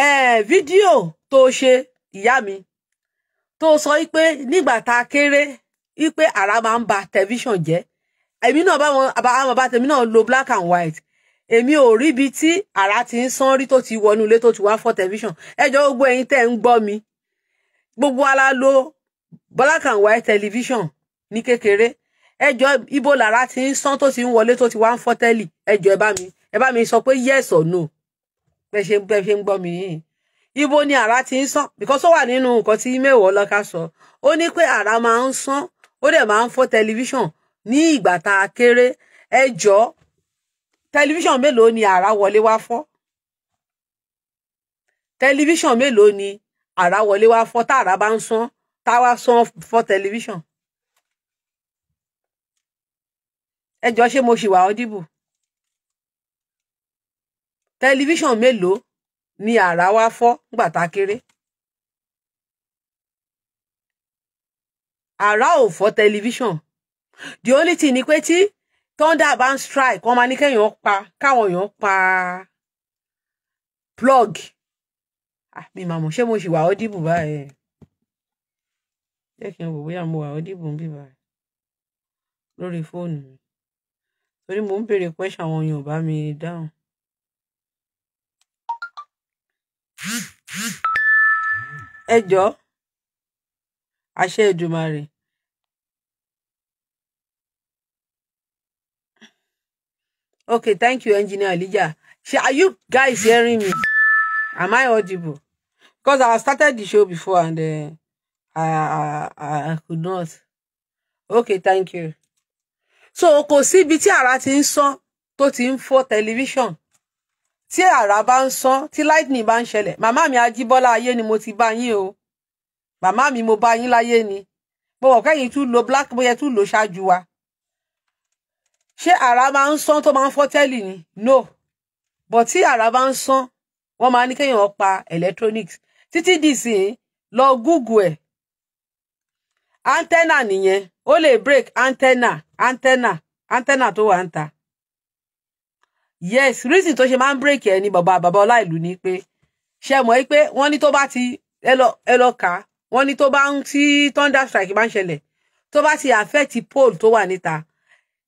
Speaker 1: eh, video tó ṣe ìyá mi tó sọ pé nígbà tá a kéré pé àrà máa ń ba tẹlifíṣàn jẹ́ èmi náà báwọn àwọn bàbá tèmi náà lo black and white èmi ò rí ibi tí àrà ti ń sán rí tó ti wọnú ilé tó ti wá fọ́ tẹlifíṣàn ẹjọ́ gbogbo ẹ̀yin tẹ́ ń gbọ́ mi gbogbo ara lo black and white tẹlifíṣàn ní kékeré ẹjọ́ ibo làrà ti ń sán tó ti ń wọlé tó ti wá ń fọ́ tẹ́lì ẹjọ́ ẹ bá mi ẹ bá mi sọ pé yes or no bẹ ṣe bẹ ṣe ń gbọ́ mi yìí ibo ni àrà ti ń sán because ó wà nínú nǹkan tí mẹ́wọ̀ ọlọ́ka sọ ó ní pé àrà máa ń sán ó dẹ̀ máa ń fọ́ tẹlifíṣàn ní ìgbà tá a kéré ẹ jọ tẹlifíṣàn mélòó ni àrà wọlé wá fọ́ tẹlifíṣàn mélòó ni àrà wọlé wá fọ́ tá àrà bá ń sán tá a sán fọ́ tẹlifíṣàn ẹ jọ ṣé mo ṣì wà ọdíbù tẹlifíṣàn mélòó ni àrà wá fọ́ nígbà tá a kéré. àrà ò fọ́ tẹlifíṣàn the only thing ni pé tí thunder ban ń strike wọ́n máa ní kéèyàn pa káwọn èèyàn pa plug ah, mi màmú ṣé mo ṣì wà ọ́ dìbò báyìí jẹ́ kí n wò bóyá mo wà ọ́ dìbò ń bì báyìí lórí fóònù mi torí mo ń béèrè question àwọn èèyàn ò bá mi dáhùn. ẹ jọ̀ọ́ àṣẹ Okay, thank you, Engineer Elijah. Are you guys hearing me? Am I audible? Because I started the show before and uh, I, I, I could not. Okay, thank you. So, kò sí ibi tí ara ti ń sán tó ti ń fọ́ tẹlifíṣàn. Tí ara bá ń sán, lightning bá ń ṣẹlẹ̀. mi Ajíbọ́lá ayé ni mo ti o. Mama mi mo bá yín láyé ni. Mo wọ̀ lo black bóyá tún lo shajuwa ṣé àrá máa ń sán tó máa ń fọ́ ni no but tí àrá bá ń sán wọ́n máa ní kéèyàn pa electronics títí dìsìn lọ google ẹ̀ antenna nìyẹn ó lè break antenna antenna antenna tó wà ń ta yes reason tó ṣe máa ń break ẹ ni bàbá bàbá ọlá ìlú ni pé ṣe mọ̀ ẹ́ pé wọ́n ní tó bá ti ẹ lọ kà á wọ́n ní tó bá ń tí thunder strike máa ń ṣẹlẹ̀ tó bá ti affect pole tó wà níta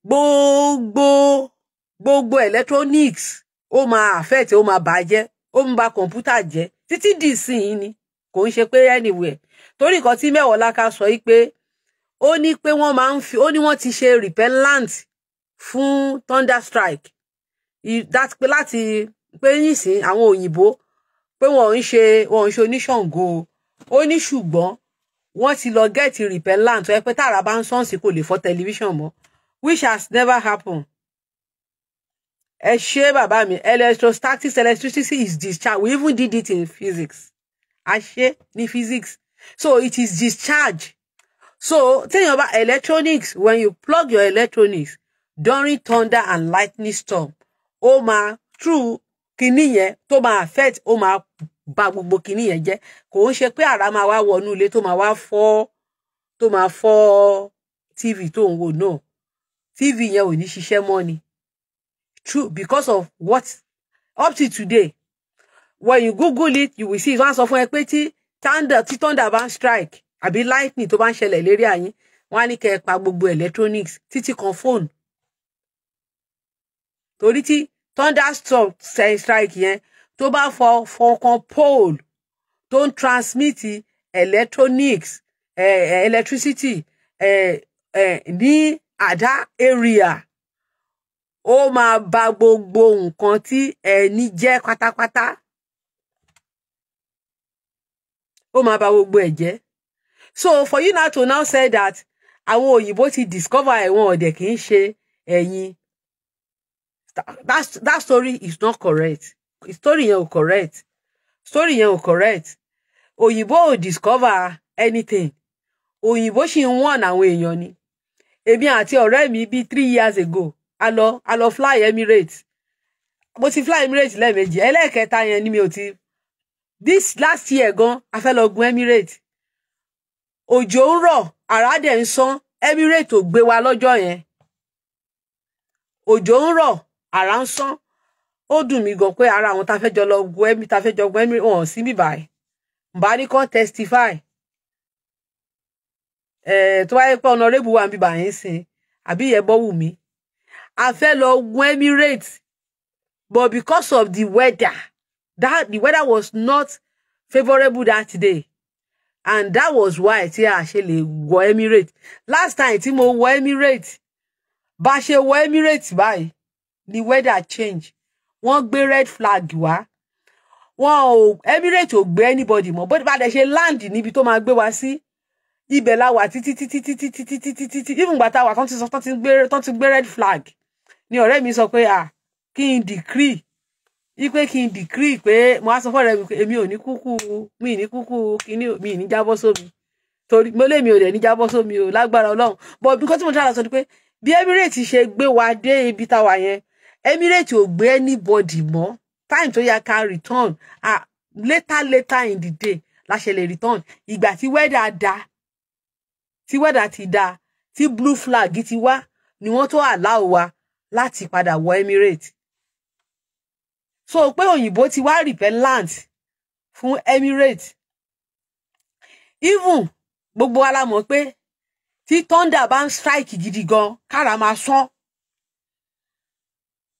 Speaker 1: gbogbo gbogbo electronics ó máa affect ó máa bàjẹ́ ó ń ba kọ̀ǹpútà jẹ́ títí di ìsinyìí ni kò ń ṣe pé anywhere torí nǹkan tí mẹ́wọ̀ọ́lá ká sọ yìí pé ó ní pé wọ́n máa ń fi ó ní wọ́n ti ṣe repellant fún thunder strike pé láti pé nísìn àwọn òyìnbó pé wọ́n ń ṣe wọ́n ń ṣe oníṣàngó ó ní ṣùgbọ́n wọ́n ti lọ gẹ́ẹ̀tì repellant ẹ pé tààrà bá ń sọ́ọ̀sì kò lè fọ́ tẹlifíṣàn mọ́ which has never happened ẹ ṣe bàbá mi electrostatics electricity is discharge we even did it in physics a ṣe ní physics so it is discharge so téèyàn about electronics when you plug your electronics during thunder and lightning storm ó máa through kinní yẹn tó máa affect ó máa ba gbogbo kinní yẹn jẹ́ kò ń ṣe pé àrá máa wá wọnú ilé tó máa wá fọ́ tó máa fọ́ tv tó ń wò náà. No tv yẹn ò ní ṣiṣẹ́ mọ́ ni true because of what up to today when you google it you will see wọ́n á sọ fún ẹ pé tí thunder tí thunder bá ń strike àbí lightning tó bá ń ṣẹlẹ̀ lérí àyín wọ́n á ní kẹ́ ẹ pa gbogbo electronics títí kan phone torí tí thunderstorm strike yẹn tó bá fọ fọkàn pole tó ń transmit electronics eh, eh electricity eh, eh, ní at area ó máa bà gbogbo nǹkan tí ẹni jẹ́ pátápátá ó máa bà gbogbo ẹ̀ jẹ́ so for you now to now say that àwọn òyìnbó ti discover ẹ̀wọ̀n ọ̀dẹ̀ kì í ṣe ẹ̀yin that that story is not correct story yẹn ò correct story yẹn ò correct òyìnbó ò discover anything òyìnbó sì ń wọ̀n àwọn èèyàn ni èmi àti ọ̀rẹ́ mi bíi three years ago a lọ a lọ fly Emirates mo ti fly Emirates lẹ́ẹ̀mejì ẹlẹ́ẹ̀kẹta yẹn ni mi ò ti this last year gan a fẹ́ lọ gun Emirates òjò ń rọ̀ àrá ń sán Emirates ò gbé wa lọ́jọ́ yẹn òjò ń rọ̀ àrá ń sán ó dùn mí gan pé ara àwọn tá a fẹ́ jọ lọ gun Emirates wọn ò sí bíbáyìí mbà ní kan testify Eh, tó wáyé pé ọ̀nàrẹ́bù wà ń bíbà yín sìn àbí ìyẹ̀bọ̀ wù mí a fẹ́ lọ gun Emirates but because of the weather that the weather was not favourable that day and that was why tí a ṣe lè wọ Emirates last time tí mo wọ Emirates bá ṣe wọ Emirates báyìí the weather change wọ́n gbé red flag wá wọn ò Emirates ò gbé anybody mọ́ bó ti bá dẹ̀ ṣe land níbi tó máa gbé wa sí. Si ibẹ̀ la wà títí títí títí títí títí títí even gbàtà wà tán ti sọ tán ti gbé tán ti gbé red flag ni ọ̀rẹ́ mi sọ pé à kí n decree yí pé kí n decree pé mo á sọ fún ọ̀rẹ́ mi pé èmi ò ní kúkú mi ní kúkú kíní mi ní jábọ́ sómi torí mo lé mi ò dẹ̀ ní jábọ́ sómi o lágbára ọlọ́run but nǹkan tí mo tẹ́lá sọ ni pé bí emirate ṣe gbé wa dé ibi táwa yẹn emirate ò gbé anybody mọ́ time tó yẹ ká return ah later later in the day la ṣe lè return ìgbà tí wẹ́dà dáa tí wẹ́dà ti dáa tí blue flag ti wá ni wọ́n tó àláò wa láti padà wọ Emirates so pé òyìnbó ti wá repellant fún Emirates even gbogbo wa la mọ̀ pé tí thunder bá ń strike gidi gan kára máa sán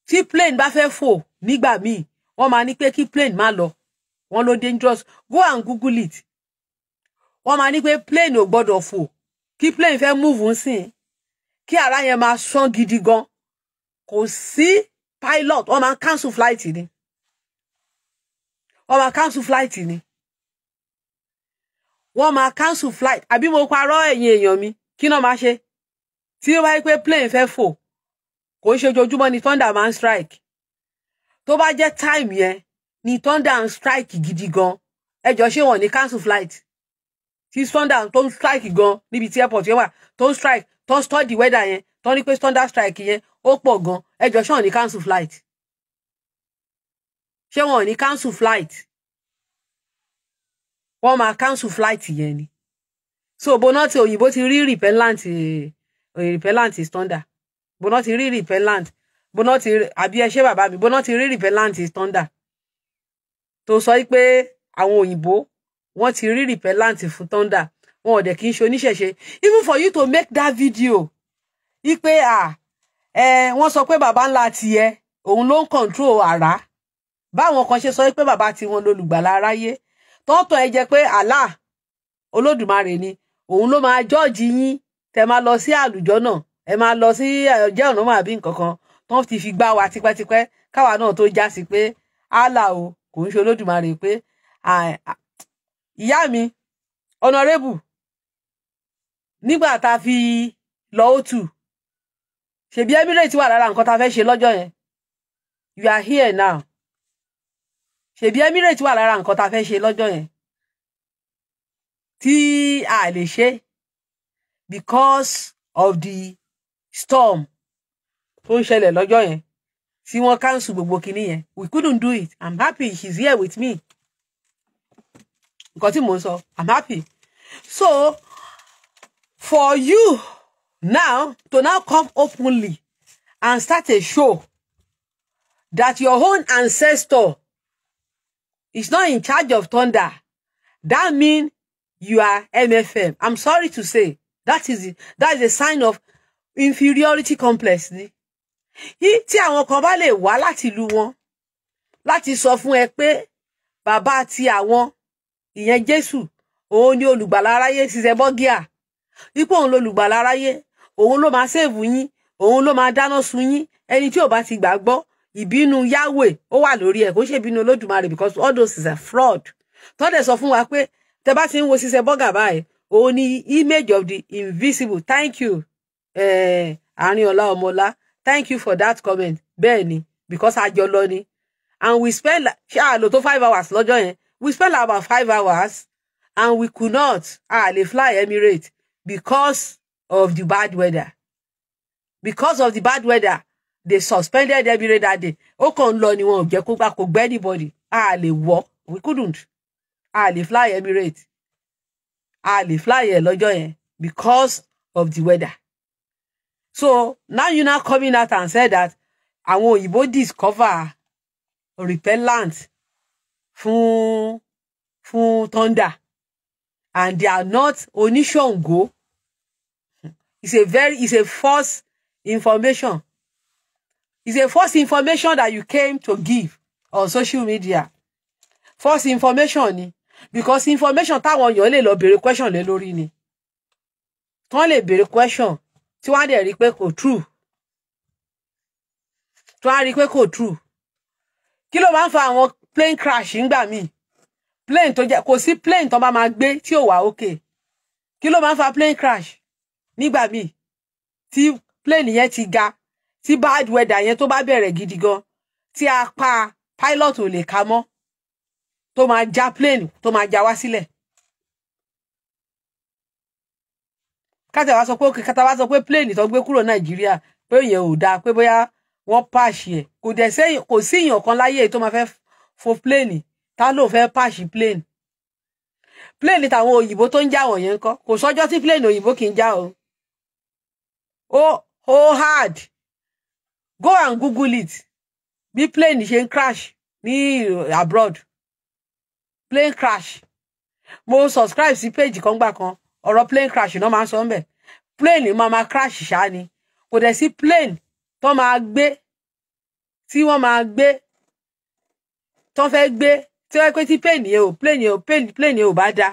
Speaker 1: tí plane bá fẹ́ fò nígbà míì wọ́n máa ní pé kí plane má lọ wọ́n ló dangerous go and google it wọ́n máa ní pé plane ò gbọ́dọ̀ fò kí plane fẹ́ múùfù ń sìn kí ara yẹn máa sán gidi gan kò sí pilot wọ́n máa cancel flight ni wọ́n máa cancel flight ni wọ́n máa cancel flight àbí mo parọ́ ẹ̀yin èèyàn mi kí náà máa ṣe tí ó bá yí pé plane fẹ́ fò kò ń ṣe ojoojúmọ́ ni thunder máa ń strike tó bá jẹ́ time yẹn ni thunder ń strike gidi gan ẹjọ́ ṣé wọ́n ní cancel flight tí sundown tó ń strike gan níbi tí airport yẹn wà tó ń strike tó ń study weather yẹn tó ní pé thunder strike yẹn ó pọ̀ gan ẹjọ́ ṣé wọn ní cancel flight ṣé wọn ní cancel flight wọn máa cancel flight yẹn ni so bona ti òyìnbó ti rí repellant eh, repellant thunder bona ti rí repellant bona ti àbí ẹ ṣé bàbá mi bona ti rí repellant thunder tó sọ pé àwọn òyìnbó wọ́n ti rí repellent fún thunder wọn ò dẹ̀ kí n ṣe oníṣẹ̀ṣe even for you to make that video ipe ah, eh, wọ́n sọ pé baba ńlá tiẹ̀ òun ló ń control àrá báwọn kan ṣe sọ pé baba tiwọn lolùgbàlà aráyé tọ́tọ̀ ẹ jẹ́ pé Allah olódùmarè ni òun ló máa jọ́ọ̀jì yín tẹ máa lọ sí àlùjọ náà ẹ máa lọ sí ọjọ́ ọ̀nà máa bí nǹkan kan tó ti fi gbá wa tipẹ́tipẹ́ káwa náà tó já sí pé Allah o kò ń ṣe olódùmarè pé ìyá mi ọ̀nàrẹ́bù nígbà tá a fi lọ òtù ṣèbí Emirates wà lára nǹkan tá a fẹ́ ṣe lọ́jọ́ yẹn you are here now ṣèbí Emirates wà lára nǹkan tá a fẹ́ ṣe lọ́jọ́ yẹn tí a lè ṣe because of the storm tó ń ṣẹlẹ̀ lọ́jọ́ yẹn tí wọ́n cancel gbogbo kinní yẹn we couldn't do it i'm happy she's here with me nǹkan tí mò ń sọ i'm happy so for you now to now come openly and start a show that your own ancestor is not in charge of thunder that mean you are mfm i'm sorry to say that is it. that is a sign of inferiority complex ni tí àwọn kan bá lè wá láti ìlú wọn láti sọ fún ẹ pé bàbá ti àwọn ìyẹn jésù òun ni olùgbàlà aráyé ṣiṣẹ́ bọ́gíà ipò òun lolùgbàlà aráyé òun ló máa ṣèèbù yín òun ló máa dáná sun yín ẹni tí ò bá ti gbàgbọ́ ìbínú yahweh ó wà lórí ẹ̀ kó ṣe ìbínú olódùmarè because all those is a fraud tọ́dẹ̀ sọ fún wa pé tẹ bá ti ń wo ṣiṣẹ́ bọ́gà báyìí òun ni image of the invisible thank you eh, àárín ọ̀la ọmọọlá thank you for that comment bẹ́ẹ̀ ni because àjọ lọ ni and we spend ṣáà lò tó five hours lọ́jọ́ yẹn we spent about five hours and we could not ah le fly Emirates because of the bad weather because of the bad weather they suspended Emirates that day ó kàn ń lọ ni wọn ò jẹ́ kó gbà kó gbẹ anybody a lè we couldn't a lè fly Emirates a lè fly ẹ lọ́jọ́ yẹn because of the weather so now you now coming out and say that I want àwọn òyìnbó discover repellent fún fún thunder and they are not oníṣàngó it's a very it's a false information it's a false information that you came to give on social media false information ni because information táwọn èèyàn lè lọ béèrè question lé lórí ni tán lè béèrè question tí wọ́n á dẹ̀ rí pé kò true tí wọ́n á rí pé kò true kí ló máa ń fa àwọn plane crash ń gbà míì plane tó jẹ kò sí plane tó bá máa gbé tí ò wà òkè kí ló máa ń fa plane crash nígbà míì tí plane yẹn ti ga tí bad weather yẹn tó bá bẹ̀rẹ̀ gidi gan tí pa pilot ò lè ka mọ́ tó máa já plane tó máa já wá sílẹ̀. kátà wá sọ pé kátà wá sọ pé plane tó gbé kúrò nàìjíríà pé òyìn ò dáa pé bóyá wọ́n pàṣẹ ẹ̀ kò dẹ̀ sẹ́yìn kò sí èèyàn kan láyé tó máa fẹ́ fo plane ta ló fẹ́ pàṣẹ plane plane tàwọn òyìnbó tó ń já wọ̀nyí ń kọ́ kò sọ́jọ́ tí plane òyìnbó kì í já o ó ó hard go and google it bí plane ṣe crash ní abroad plane crash mo subscribe si page kan gbà kan ọ̀rọ̀ plane crash no máa ń sọ plane máa máa crash ṣáá ni kò dẹ̀ sí plane tó máa gbé tí wọ́n máa gbé tó fẹ́ gbé tí wọ́n pé tí plane yẹn ò plane yẹn ò plane yẹn ò bá da.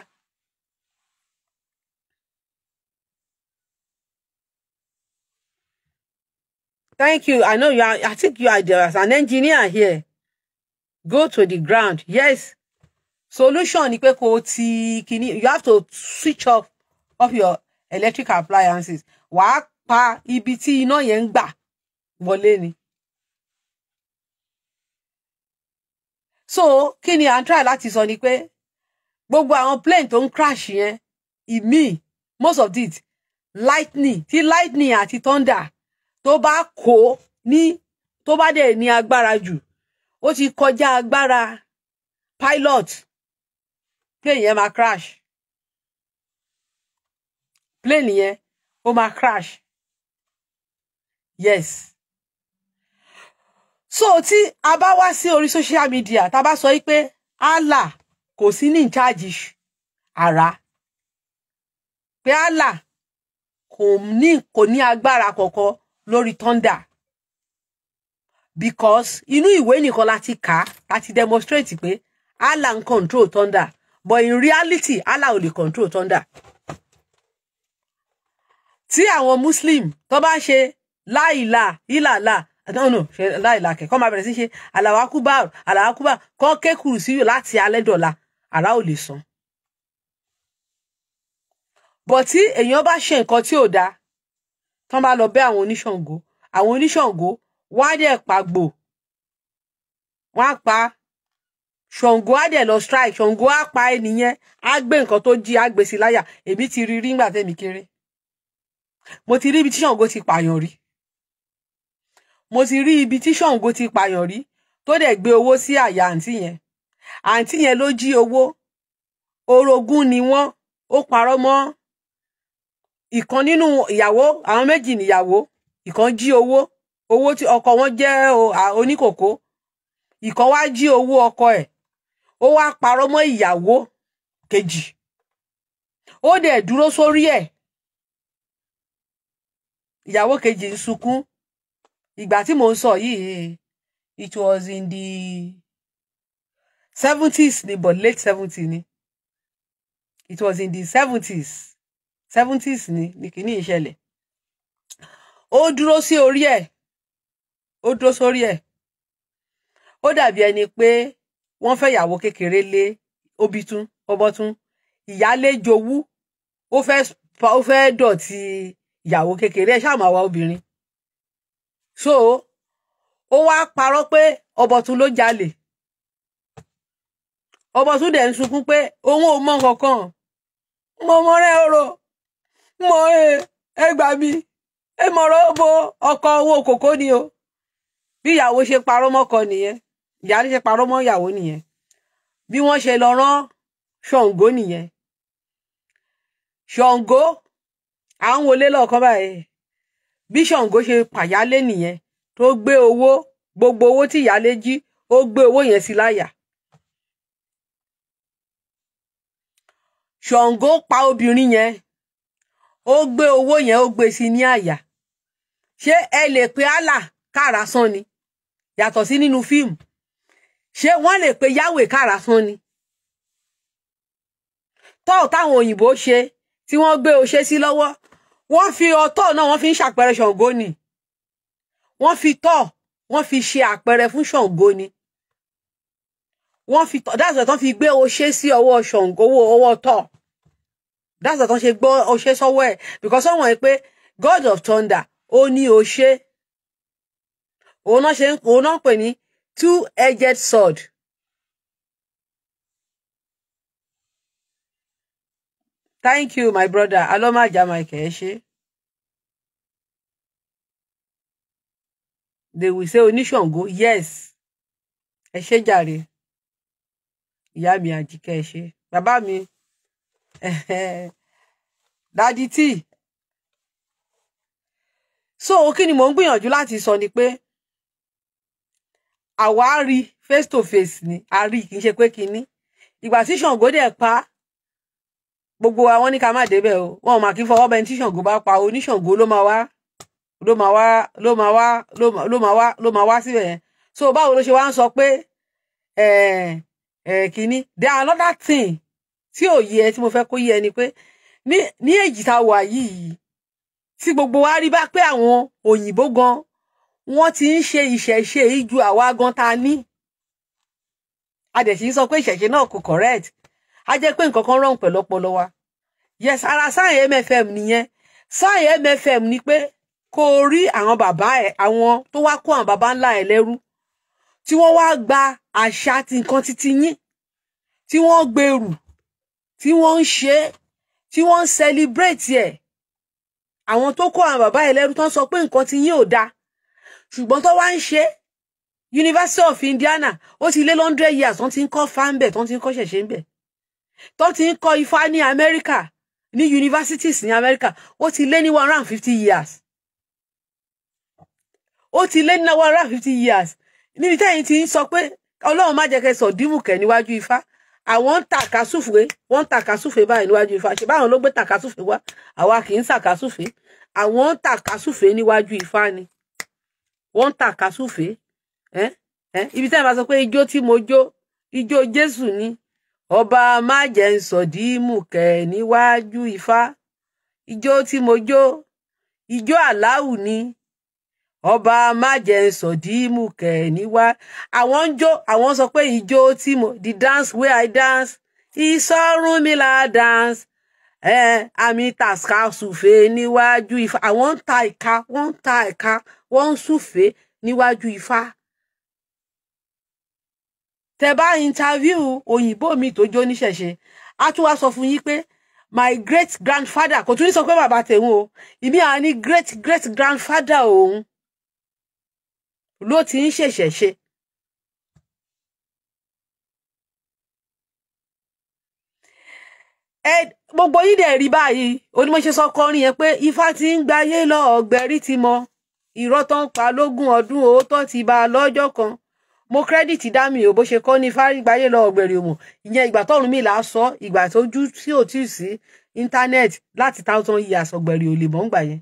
Speaker 1: Thank you. I know you are, I think you are there as an engineer here. Go to the ground. Yes. Solution ni pé kó ti kíní. You have to switch off of your electric appliances. Wa pa ibi tí iná yẹn ń gbà wọlé ni. so kí ni à ń try láti sọ ni pé gbogbo àwọn plane tó ń crash yẹn ìmí most of it lightning tí lightning àti thunder tó bá kó ní tó bá dẹ̀ ní agbára jù ó ti kọjá agbára pilot plane yẹn máa crash plane yẹn ó máa crash yes so tí a bá wá sí orí social media tá a bá sọ yí Allah kò sí ní ìcháàjì ara pé Allah kò ní kò ní agbára kankan lórí thunder because inú ìwé nìkan láti kà á láti demonstrate pé Allah ń control thunder but in reality Allah ò lè control thunder tí àwọn muslim tó bá ń ṣe láìla ìlàlà no ṣe láìláàkẹ́ kọ́ máa bẹ̀rẹ̀ sí ṣe àlàwákúbà àlàwákúbà kọ́ kékùrù sí yóò láti alẹ́ dọ̀la ara ò lè san. bọ̀ tí èèyàn bá ṣe nǹkan tí ò dáa tán bá lọ bẹ́ àwọn oníṣàngó àwọn oníṣàngó wọ́n á dẹ̀ pa gbò wọ́n á pa ṣàngó á dẹ̀ lọ strike ṣàngó á pa ẹnìyẹn á gbé nǹkan tó jí á gbé láyà èmi ti rí rí ńgbà tẹ́mi kéré mo ti rí ibi tí ṣàngó ti pààyàn rí mo ti rí ibi tí Ṣàngó ti pààyàn rí tó dẹ̀ gbé owó sí àyà àǹtí yẹn àǹtí yẹn ló jí owó orogún ni wọ́n ó parọ́ mọ́ ìkan nínú ìyàwó àwọn méjì níyàwó ìkan jí owó owó tí ọkọ wọn jẹ́ oníkòkó ìkan wá jí owó ọkọ ẹ̀ ó wá parọ́ mọ́ ìyàwó kejì ó dẹ̀ dúró sórí ẹ̀ ìyàwó kejì ń sunkún ìgbà tí mò ń sọ yìí it was in the seventies ni but late seventies ni it was in the seventies seventies ni ni kìíní ìṣẹ̀lẹ̀ ó dúró sí orí ẹ̀ ó dúró sórí ẹ̀ ó dàbí ẹni pé wọ́n fẹ́ ìyàwó kékeré lé obitun ọbọtún ìyálé jowú ó fẹ́ ó fẹ́ dọ̀tí ìyàwó kékeré ẹ ṣáà máa wá obìnrin so ó wá parọ́ pé Ọ̀bọ̀tún ló jalè Ọ̀bọ̀tún dẹ̀ ń sunkún pé òun ò mọ kankan mo mọrẹ ọ̀rọ̀ mo ẹ gbà mí ẹ mọ̀rọ̀ bo ọkọ̀ owó kòkó ni o bí ìyàwó ṣe parọ́ mọ́kọ nìyẹn ìyáálé ṣe parọ́ mọ́ ìyàwó nìyẹn bí wọ́n ṣe lọ rán Ṣàngó nìyẹn Ṣàngó à ń wọlé lọ́ọ̀kan báyìí bí Ṣàngó ṣe pàyálé nìyẹn tó gbé owó gbogbo owó tí ìyálé jí ó gbé owó yẹn sí láyà. Ṣàngó pa obìnrin yẹn ó gbé owó yẹn ó gbé sí ní àyà ṣé ẹ lè pe Allah káàrà sán ni yàtọ̀ sí nínú fíìmù ṣé wọ́n lè pe Yahweh káàrà sán ni tọ́ọ̀ táwọn òyìnbó ṣe tí wọ́n gbé oṣé sí lọ́wọ́ wọ́n fi ọ̀tọ̀ náà wọ́n fi ń ṣàpẹẹrẹ Ṣàngó ni wọ́n fi tọ̀ wọ́n fi ṣe àpẹẹrẹ fún Ṣàngó ni wọ́n fi tọ̀ dáàsì tán fi gbé oṣé sí ọwọ́ Ṣàngó ọwọ́ tọ̀ dáàsì tán ṣe gbọ́ oṣé sọ́wọ́ ẹ̀ because wọ́n wọ̀nyí pé God of thunder ó ní oṣé òun náà ṣe òun náà pè ní two-edged sword thank you my brother Aloma michael ẹ ṣe. they will say oníṣàngó yes ẹ ṣe jàre ìyá mi àjíkẹ́ mi <laughs> dadi tí so okay, ni mò yon gbìyànjú láti sọ ni pé àwa face to face ni a rí kì í ṣe pé kinní ìgbà pa gbogbo wa wọ́n ní ká má débẹ̀ o wọn ò mà kí fọwọ́ bẹni tí Ṣàngó bá pa oníṣàngó ló máa wá ló máa wá ló máa wá ló máa wá ló máa wá síbẹ̀ yẹn so báwo ló ṣe wá ń sọ pé ẹ ẹ kínní there are another thing tí ò yẹ tí mo fẹ́ kó yẹ ni pé ní ní èjì tá a wà yìí tí gbogbo wa rí bá pé àwọn òyìnbó gan wọ́n ti ń ṣe ìṣẹ̀ṣe yìí àwa gan ta ní a dẹ̀ sì ń sọ pé ìṣẹ̀ṣe náà kò correct á jẹ́ pé nǹkan kan rọrùn pẹ̀lú ọpọlọ wa yes ara sáyẹn mfm nìyẹn sáyẹn mfm ni pé kó o rí àwọn bàbá ẹ àwọn tó wá kó àwọn bàbá ńlá ẹ lẹ́rú tí wọ́n wá gba àṣà ti nǹkan títí yín tí wọ́n gbèrú tí wọ́n ń ṣe tí wọ́n ń sẹlibrétì ẹ̀ àwọn tó kó àwọn bàbá ẹlẹ́rú tán sọ pé nǹkan ti yín ò dáa ṣùgbọ́n tó wá ń ṣe University of Indiana ó ti lé lọ́ndrẹ́ years tán ti ń kọ́ fáńbẹ̀ tán ti ń kọ́ ṣẹ̀ṣẹ̀ ń bẹ̀ tó ti ń kọ́ ifá ní amẹ́ríkà ní universities ní amẹ́ríkà ó ti lé ní one hundred and fifty years ó ti lé ní one hundred and fifty years níbi tẹ́yìn ti ń sọ pé ọlọ́run má jẹ́ kẹ́ sọ dímùkẹ́ níwájú ifá àwọn ń tàkásùfè wọ́n ń tàkásùfè báyìí níwájú ifá ṣe báwọn ló gbé tàkásùfè wá àwa kì í ṣàkásùfè àwọn ń tàkásùfè níwájú ifá ni wọ́n ń tàkásùfè ibi tẹ́yìn bá sọ pé ijó tí mo jó ijó jésù ni ọba májẹ̀nsọ̀dímùkẹ́ níwájú ifá ijó tí mo jó ijó aláwù ni ọba májẹ̀nsọ̀dímùkẹ́ níwá àwọn ń jó àwọn sọ pé ijó tí mo the dance wey i dance ìsọ̀rúnmìlà dance àmì tàṣà sùfè níwájú ifá àwọn ń ta ìka wọ́n ń ta ìka wọ́n ń súfèé níwájú ifá tẹ bá interview òyìnbó mi tó jó níṣẹ̀ṣe á tún wá sọ fún yín pé my great grandfather kò tún ní sọ pé bàbá tèun o ìmí àwọn ní great great grandfather òun ló ti ń ṣẹ̀ṣẹ̀ ṣe. ẹ gbogbo yìí dẹ̀ rí báyìí onímọ̀ṣẹ́ sọ kọrin yẹn pé ifá ti ń gbáyé lọ ọ̀gbẹ́rí ti mọ irọ́ ń pa lógún ọdún òótọ́ ti bá a lọ́jọ́ kan mo credit dámì ò bó ṣe kọ́ ní fárígbáyé lọ ọ̀gbẹ̀rì òmù ìyẹn ìgbà tọ́run mi là á sọ ìgbà tó jú tí ò sí íńtánẹ́ẹ̀tì láti thousand years ọ̀gbẹ̀rì ò lè mọ̀ ń gbà yẹn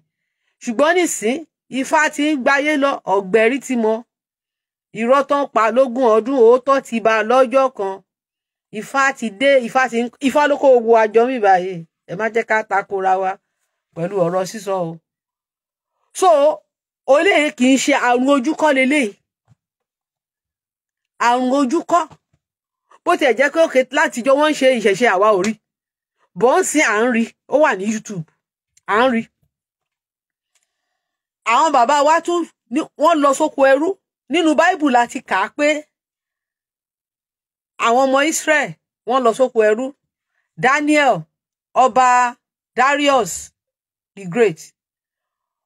Speaker 1: ṣùgbọ́n nísìn ifá ti ń gbáyé lọ ọ̀gbẹ̀rì ti mọ irọ́ tán pa lógún ọdún òótọ́ ti ba lọ́jọ́ kan ifá ti dé ifá ti ń ifá ló kó wo àjọ mi báyìí ẹ má jẹ́ ká takora wa pẹ̀lú ọ̀rọ̀ sísọ o so olè kì í ṣe àrùn ojú kọ́ àrùn ojú kọ́ bó tiẹ̀ jẹ́ pé òkè látijọ́ wọ́n ń ṣe ìṣẹ̀ṣe àwa ò rí bó ń sin à ń rí ó wà ní YouTube à ń rí àwọn bàbá wa tún wọ́n lọ sóko ẹrú nínú báìbù láti kà á pé àwọn ọmọ Israel wọ́n lọ sóko ẹrú Daniel ọba Darius the Great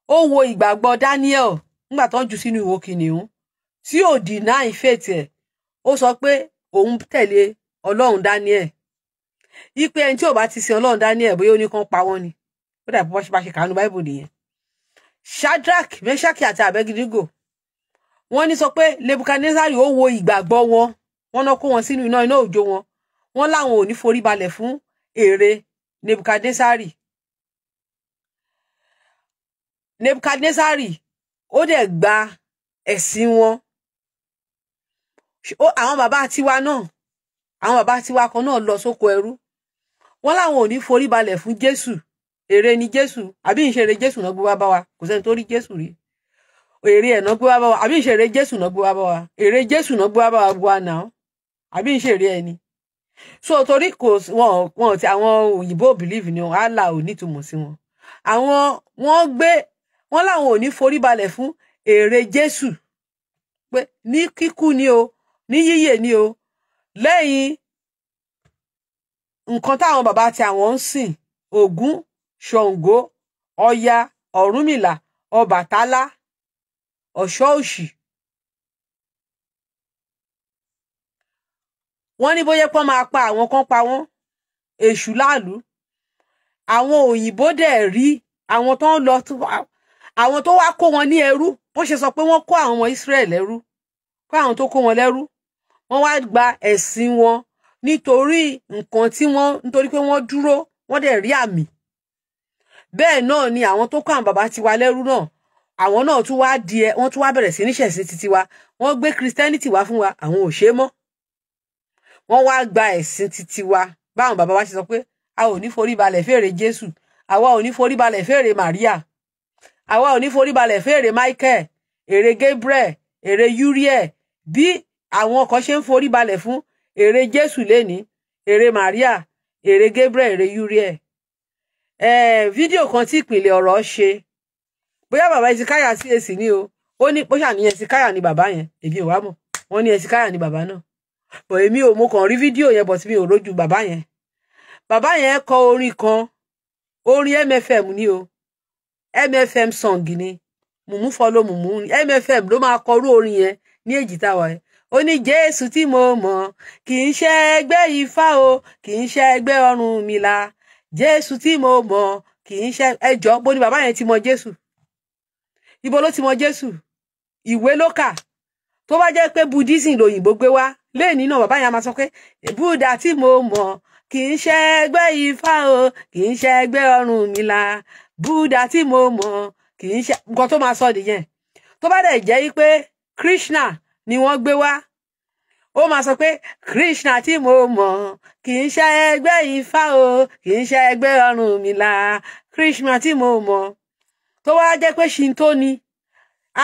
Speaker 1: ó wo ìgbàgbọ́ Daniel nígbà tó ń jù sínú ìwò kìnìún tí ò dì náà ìfètè ó sọ pé òun tẹ̀lé ọlọ́run Daniel yí pé ẹni tí ò bá ti sin ọlọ́run Daniel bóyá ó pa wọ́n ni ó dàbí bọ́ ṣe bá ṣe kàánú báìbù nìyẹn Shadrach Meshaki àti Abednego wọ́n ní sọ pé Nebukadnezari ó wo ìgbàgbọ́ wọn wọ́n náà kó wọn sínú iná iná òjò wọn wọ́n láwọn ò ní forí balẹ̀ fún èrè Nebukadnezari Nebukadnezari ó dẹ̀ gba ẹ̀sìn wọn àwọn bàbá tiwa náà àwọn bàbá tiwa kan náà lọ sóko ẹrú wọn láwọn ò ní forí balẹ̀ fún Jésù èrè ni Jésù àbí ìṣeré Jésù náà gbé wá bá wa kò sẹ́ni tó rí Jésù rí èrè ẹ̀ náà gbé wá bá wa àbí ìṣeré Jésù náà gbé wá bá wa èrè Jésù náà gbé wá bá wa bu àná àbí ìṣeré ẹ̀ ni so torí kò wọn wọn ti àwọn òyìnbó believe ni wọn Allah ò nítumọ̀ sí wọn àwọn wọn gbé wọn láwọn ò ní forí balẹ̀ fún èrè Jésù pé ní kíkú ni o ní yíyè ni o lẹ́yìn nǹkan táwọn bàbá àti àwọn ń sìn Ògún Ṣàngó Ọya Ọ̀rúnmìlà Ọbàtálá Ọ̀ṣọ́ òṣì wọ́n ní bóyá pọ́n máa pa àwọn kan pa wọ́n èṣù láàlú àwọn òyìnbó dẹ̀ rí àwọn tó ń lọ àwọn tó wá kó wọn ní ẹrú bó ṣe sọ pé wọ́n kó àwọn ọmọ Israel lẹ́rú kó àwọn tó kó wọn lẹ́rú wọ́n wá gba ẹ̀sìn wọn nítorí nǹkan tí wọ́n nítorí pé wọ́n dúró wọ́n dẹ̀ rí àmì bẹ́ẹ̀ náà ni àwọn tó kọ́ àwọn bàbá tiwa lẹ́rú náà àwọn náà tún wá di ẹ wọ́n tún wá bẹ̀rẹ̀ sí níṣẹ̀sìn titi wa wọ́n gbé christianity wá fún wa àwọn ò ṣe é mọ́ wọ́n wá gba ẹ̀sìn titi wa báwọn bàbá wa ṣe sọ pé a ò ní forí balẹ̀ fèrè jésù àwa ò ní forí balẹ̀ fèrè maria àwa ò ní forí balẹ̀ fèrè michael èrè gabriel èrè uriel bí àwọn kan ṣe ń forí balẹ̀ fún ère jésù lẹ́ni ère maria ère gabriel ère uriel fídíò kan tí ìpìlẹ̀ ọ̀rọ̀ ṣe bóyá bàbá esikaya sí èsì ni o ó ní bó ṣàní esikaya ni bàbá yẹn èmi ò wá mọ̀ wọ́n ní esikaya ni bàbá náà bọ̀ èmi ò mo kàn rí fídíò yẹn bọ̀ tí mi ò rójú bàbá yẹn bàbá yẹn kọ orin kan orin mfm ni o mfm song ni mumu fọlọ mumu mfm ló máa kọrú orin yẹn ní èjì táwa yẹn ó ní jésù tí mo mọ̀ kì í ṣe ẹgbẹ́ ifá o kì í ṣe ẹgbẹ́ ọ̀rúnmìlà jesu tí mo mọ̀ kì í ṣe ẹjọ́ bó ni bàbá yẹn ti mọ jesu ibo ló ti mọ jesu ìwé ló ka tó bá jẹ́ pé buddhism lòyìnbó gbé wá lẹ́ẹ̀ni náà bàbá yẹn a ma sọ pé buddha tí mo mọ̀ kì í ṣe ẹgbẹ́ ifá o kì í ṣe ẹgbẹ́ ọ̀rúnmìlà buddha tí mo mọ̀ kì í ṣe nǹkan tó máa sọ nìyẹn tó bá dẹ̀ jẹ́ pé krishna ni wọ́n gbé wá ó máa sọ pé krishna tí mo mọ̀ kì í ṣe ẹgbẹ́ ifá o kì í ṣe ẹgbẹ́ ọ̀rúnmìlà krishna tí mo mọ̀ tó wá jẹ́ pé shinto ni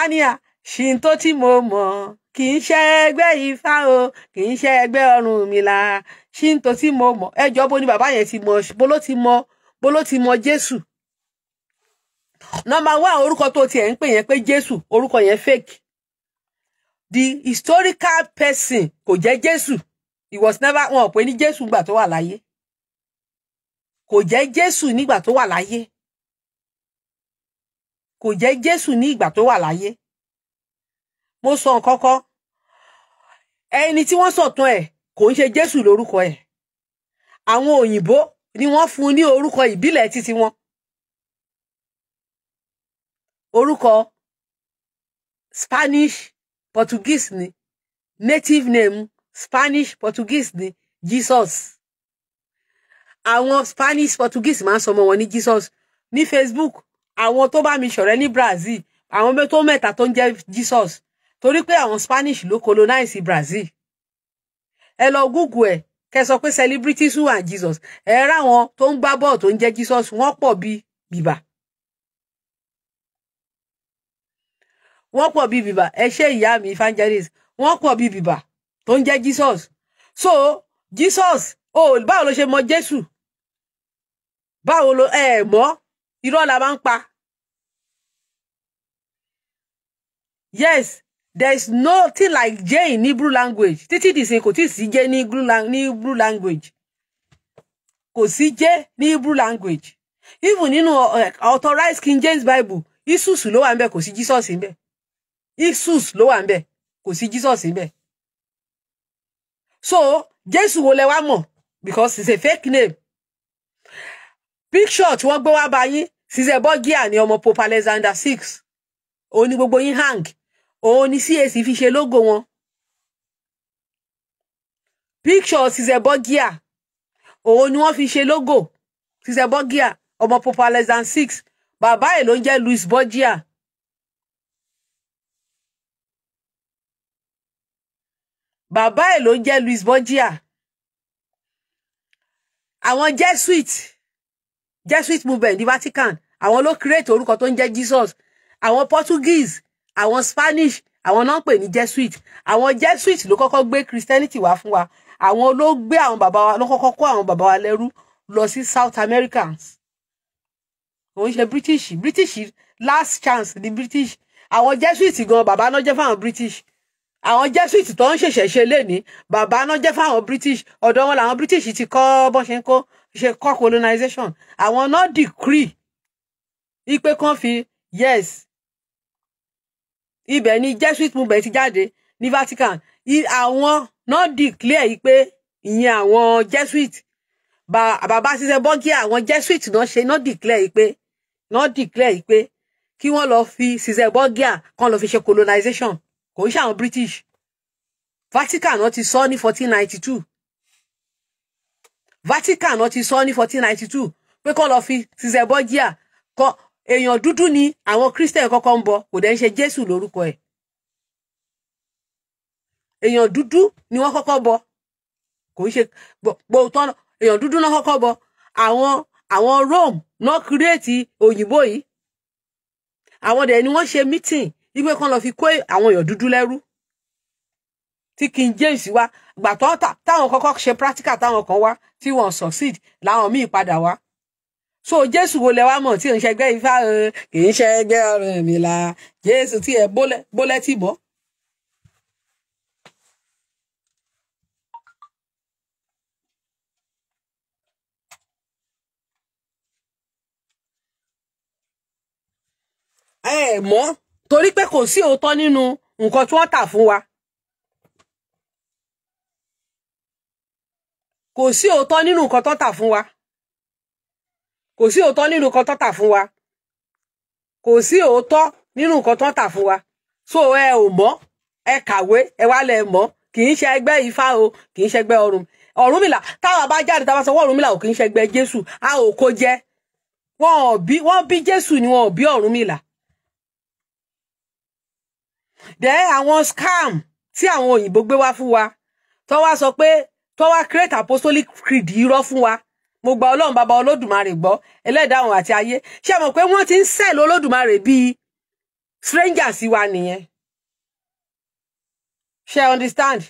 Speaker 1: ania shinto tí mo mọ̀ kì í ṣe ẹgbẹ́ ifá o kì í ṣe ẹgbẹ́ ọ̀rúnmìlà shinto tí mo mọ̀ ẹjọ́ bó ni bàbá yẹn ti mọ̀ bó ló ti mọ̀ bó ló ti mọ̀ jésù nọ́mbà wá orúkọ tó tiẹ̀ ń pè yẹn pé jésù orúkọ yẹn fake the historical person kò jẹ́ Jésù he was never wọn ò pè ní Jésù nígbà tó wà láyé kò jẹ́ Jésù nígbà tó wà láyé kò jẹ́ Jésù ní ìgbà tó wà láyé mo sọ kọ́kọ́ ẹni tí wọ́n sọ̀tàn ẹ̀ kò ń ṣe Jésù lórúkọ ẹ̀ àwọn òyìnbó ni wọ́n fún un ní orúkọ ìbílẹ̀ títí wọn orúkọ Spanish Portuguese ni native name Spanish Portuguese ni Jesus àwọn Spanish Portuguese máa ń sọmọ wọn ní Jesus ní Facebook àwọn tó bá mi ṣọ̀rẹ́ ní Brazil àwọn tó mẹ́ta tó ń jẹ́ Jesus torí pé àwọn Spanish ló colonize Brazil ẹ lọ Google ẹ kẹ sọ pé celebrities who are Jesus ẹ ráwọn tó ń gbá bọ́ọ̀ tó ń jẹ́ Jesus wọ́n pọ̀ bíi bìbà wọ́n pọ̀ bíi bìbà ẹ ṣé ìyá mi evangelist wọ́n pọ̀ bíi bìbà tó ń jẹ́ Jesus so Jesus o oh, báwo ló ṣe mọ Jésù báwo ló ẹ eh, mọ̀ irọ́ la máa ń pa yes there is nothing like j in Hebrew language títí dìsìn kò tí ì sí j ní Hebrew language kò sí j ní Hebrew language even nínú eh, authorized King James Bible isusu ló wà ń bẹ kò sí Jesus ń jesus ló wà ńbẹ̀ kò sí jesus ńbẹ̀ so Jesu wo lẹ wá mọ̀ because it's a fake name picture tí wọ́n gbé wá bá yín ṣiṣẹ́ bọ́gíà ní ọmọ pope alexander six òun ni gbogbo yín hang òun ni cac fi ṣe logo. wọn picture ṣiṣẹ́ bọ́gíà òun ni wọ́n fi ṣe lógo ṣiṣẹ́ bọ́gíà ọmọ pope alexander six bàbá ẹ̀ ló ń jẹ́ louis bọ́gíà bàbá ẹ̀ ló ń jẹ́ Luis Borgia àwọn Jesuit Jesuit movement ní Vatican àwọn ló create orúkọ tó ń jẹ́ Jesus àwọn Portuguese àwọn Spanish àwọn náà ń pè ní Jesuit àwọn Jesuit ló kọ́kọ́ gbé Christianity wá fún wa àwọn ló gbé àwọn bàbá wa ló kọ́kọ́ kó àwọn bàbá wa lẹ́rú lọ sí South Americans òun ṣe British British last chance ni British àwọn Jesuit gan bàbá náà jẹ́ fáwọn British àwọn jesuit tó ń ṣẹ̀ṣẹ̀ ṣe lénìí bàbá náà jẹ́ fáwọn british ọ̀dọ̀ wọn làwọn british ti kọ́ bọ́n ṣe ń kó ṣe kọ́ colonization àwọn náà decree ipe kan fi yes ibẹ̀ ni jesuit movement ti jáde ní vatican àwọn náà declare pé ìyẹn àwọn jesuit bàbá ṣiṣẹ́ bọ́gí àwọn jesuit náà ṣe náà declare pé náà declare pé kí wọ́n lọ fi ṣiṣẹ́ bọ́gíà kan lọ fi ṣe colonization kò ń ṣàwọn British Vatican náà ti sọ ní fourteen ninety two Vatican náà ti sọ ní fourteen ninety two pé kọ́ lọ́ọ́ fi ṣiṣẹ́ bọ́jíà kọ́ èèyàn dúdú ni àwọn Christian kọ́kọ́ ń bọ kò dẹ̀ ń ṣe Jésù lórúkọ ẹ̀ èèyàn dúdú ni wọ́n kọ́kọ́ bọ kò ń ṣe gbòòtọ́ èèyàn dúdú náà kọ́kọ́ bọ àwọn àwọn Rome náà kírètì òyìnbó yìí àwọn dẹ̀ ni wọ́n ṣe meeting wípé kán lọ fi kó àwọn èèyàn dúdú lẹ́rú tí King James wá gbà tó táwọn kọ́kọ́ ṣe practical táwọn kan wá tí wọ́n succeed láwọn míì padà wá so jésù wo lẹ wá mọ̀ tí ò ń ṣẹgbẹ́ ifá kì í ṣẹgbẹ́ ọ̀ràn mi la jésù tí ẹ bólẹ tì bọ. ẹ mọ̀. torí pé kò sí òótọ́ nínú nǹkan tí wọ́n tà fún wa kò sí òótọ́ nínú nǹkan tó tà fún wa kò sí òótọ́ nínú nǹkan tó tà fún wa kò sí òótọ́ nínú nǹkan tó tà fún wa so ẹ ò mọ̀ ẹ kàwé ẹ wá lẹ mọ̀ kì í ṣe ẹgbẹ́ ifá o kì í ṣe ẹgbẹ́ ọ̀run ọ̀rúnmìlà táwa bá jáde táwa sọ wọ́n ọ̀rúnmìlà ò kì í ṣe ẹgbẹ́ jésù a ò kó jẹ wọn ò bí wọn bí jésù ni wọn ò bí ọ̀rúnmìlà then àwọn scam tí àwọn òyìnbó gbé wá fún wa tó wá sọ pé tó wá create apostolic creed irọ́ fún wa mo gba ọlọ́run bàbá olódùmarè gbọ́ ẹlẹ́dàá àti ayé ṣé mọ̀ pé wọ́n ti ń sẹ́ẹ̀lì olódùmarè bíi stranger sí wa nìyẹn ṣe understand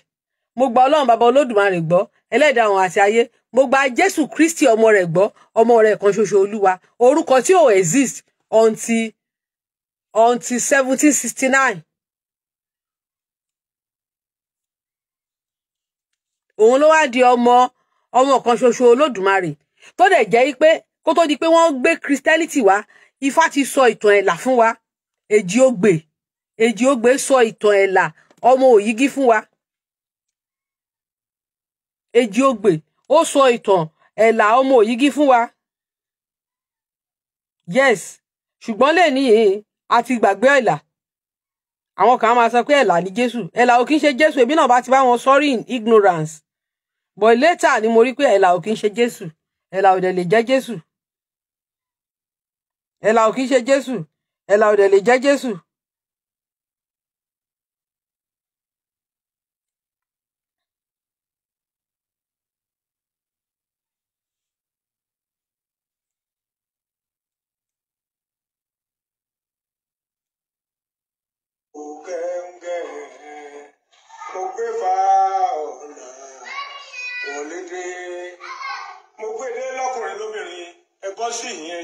Speaker 1: mo gba ọlọ́run bàbá olódùmarè gbọ́ ẹlẹ́dàá àti ayé mo gba jésù kristi ọmọ rẹ̀ gbọ́ ọmọ rẹ̀ kan ṣoṣo olúwa orúkọ tí ò exist until until seventeen sixty nine òun ló wá di ọmọ ọmọ kan ṣoṣo olódùmarè tó dẹ̀ jẹ́ pé kó tó di pé wọ́n gbé christianity wá ifá ti sọ ìtàn ẹ̀là fún wa èjì ogbè èjì ogbè sọ ìtàn ẹ̀là ọmọ òyìgí fún wa èjì ogbè ó sọ ìtàn ẹ̀là ọmọ òyìgí fún wa yes ṣùgbọ́n lè níyìn a ti gbàgbé ẹ̀là àwọn kan máa sọ pé ẹ̀là ni jésù ẹ̀là ò kí ń ṣe jésù èmi náà bá ti bá wọn sorry in ignorance but later ni mo rí pé ẹ̀là ò kí ń ṣe jésù ẹ̀là ò dẹ̀ lè jẹ́ jésù ẹ̀là ò kí ń ṣe jésù ẹ̀là ò dẹ̀ lè jẹ́ jésù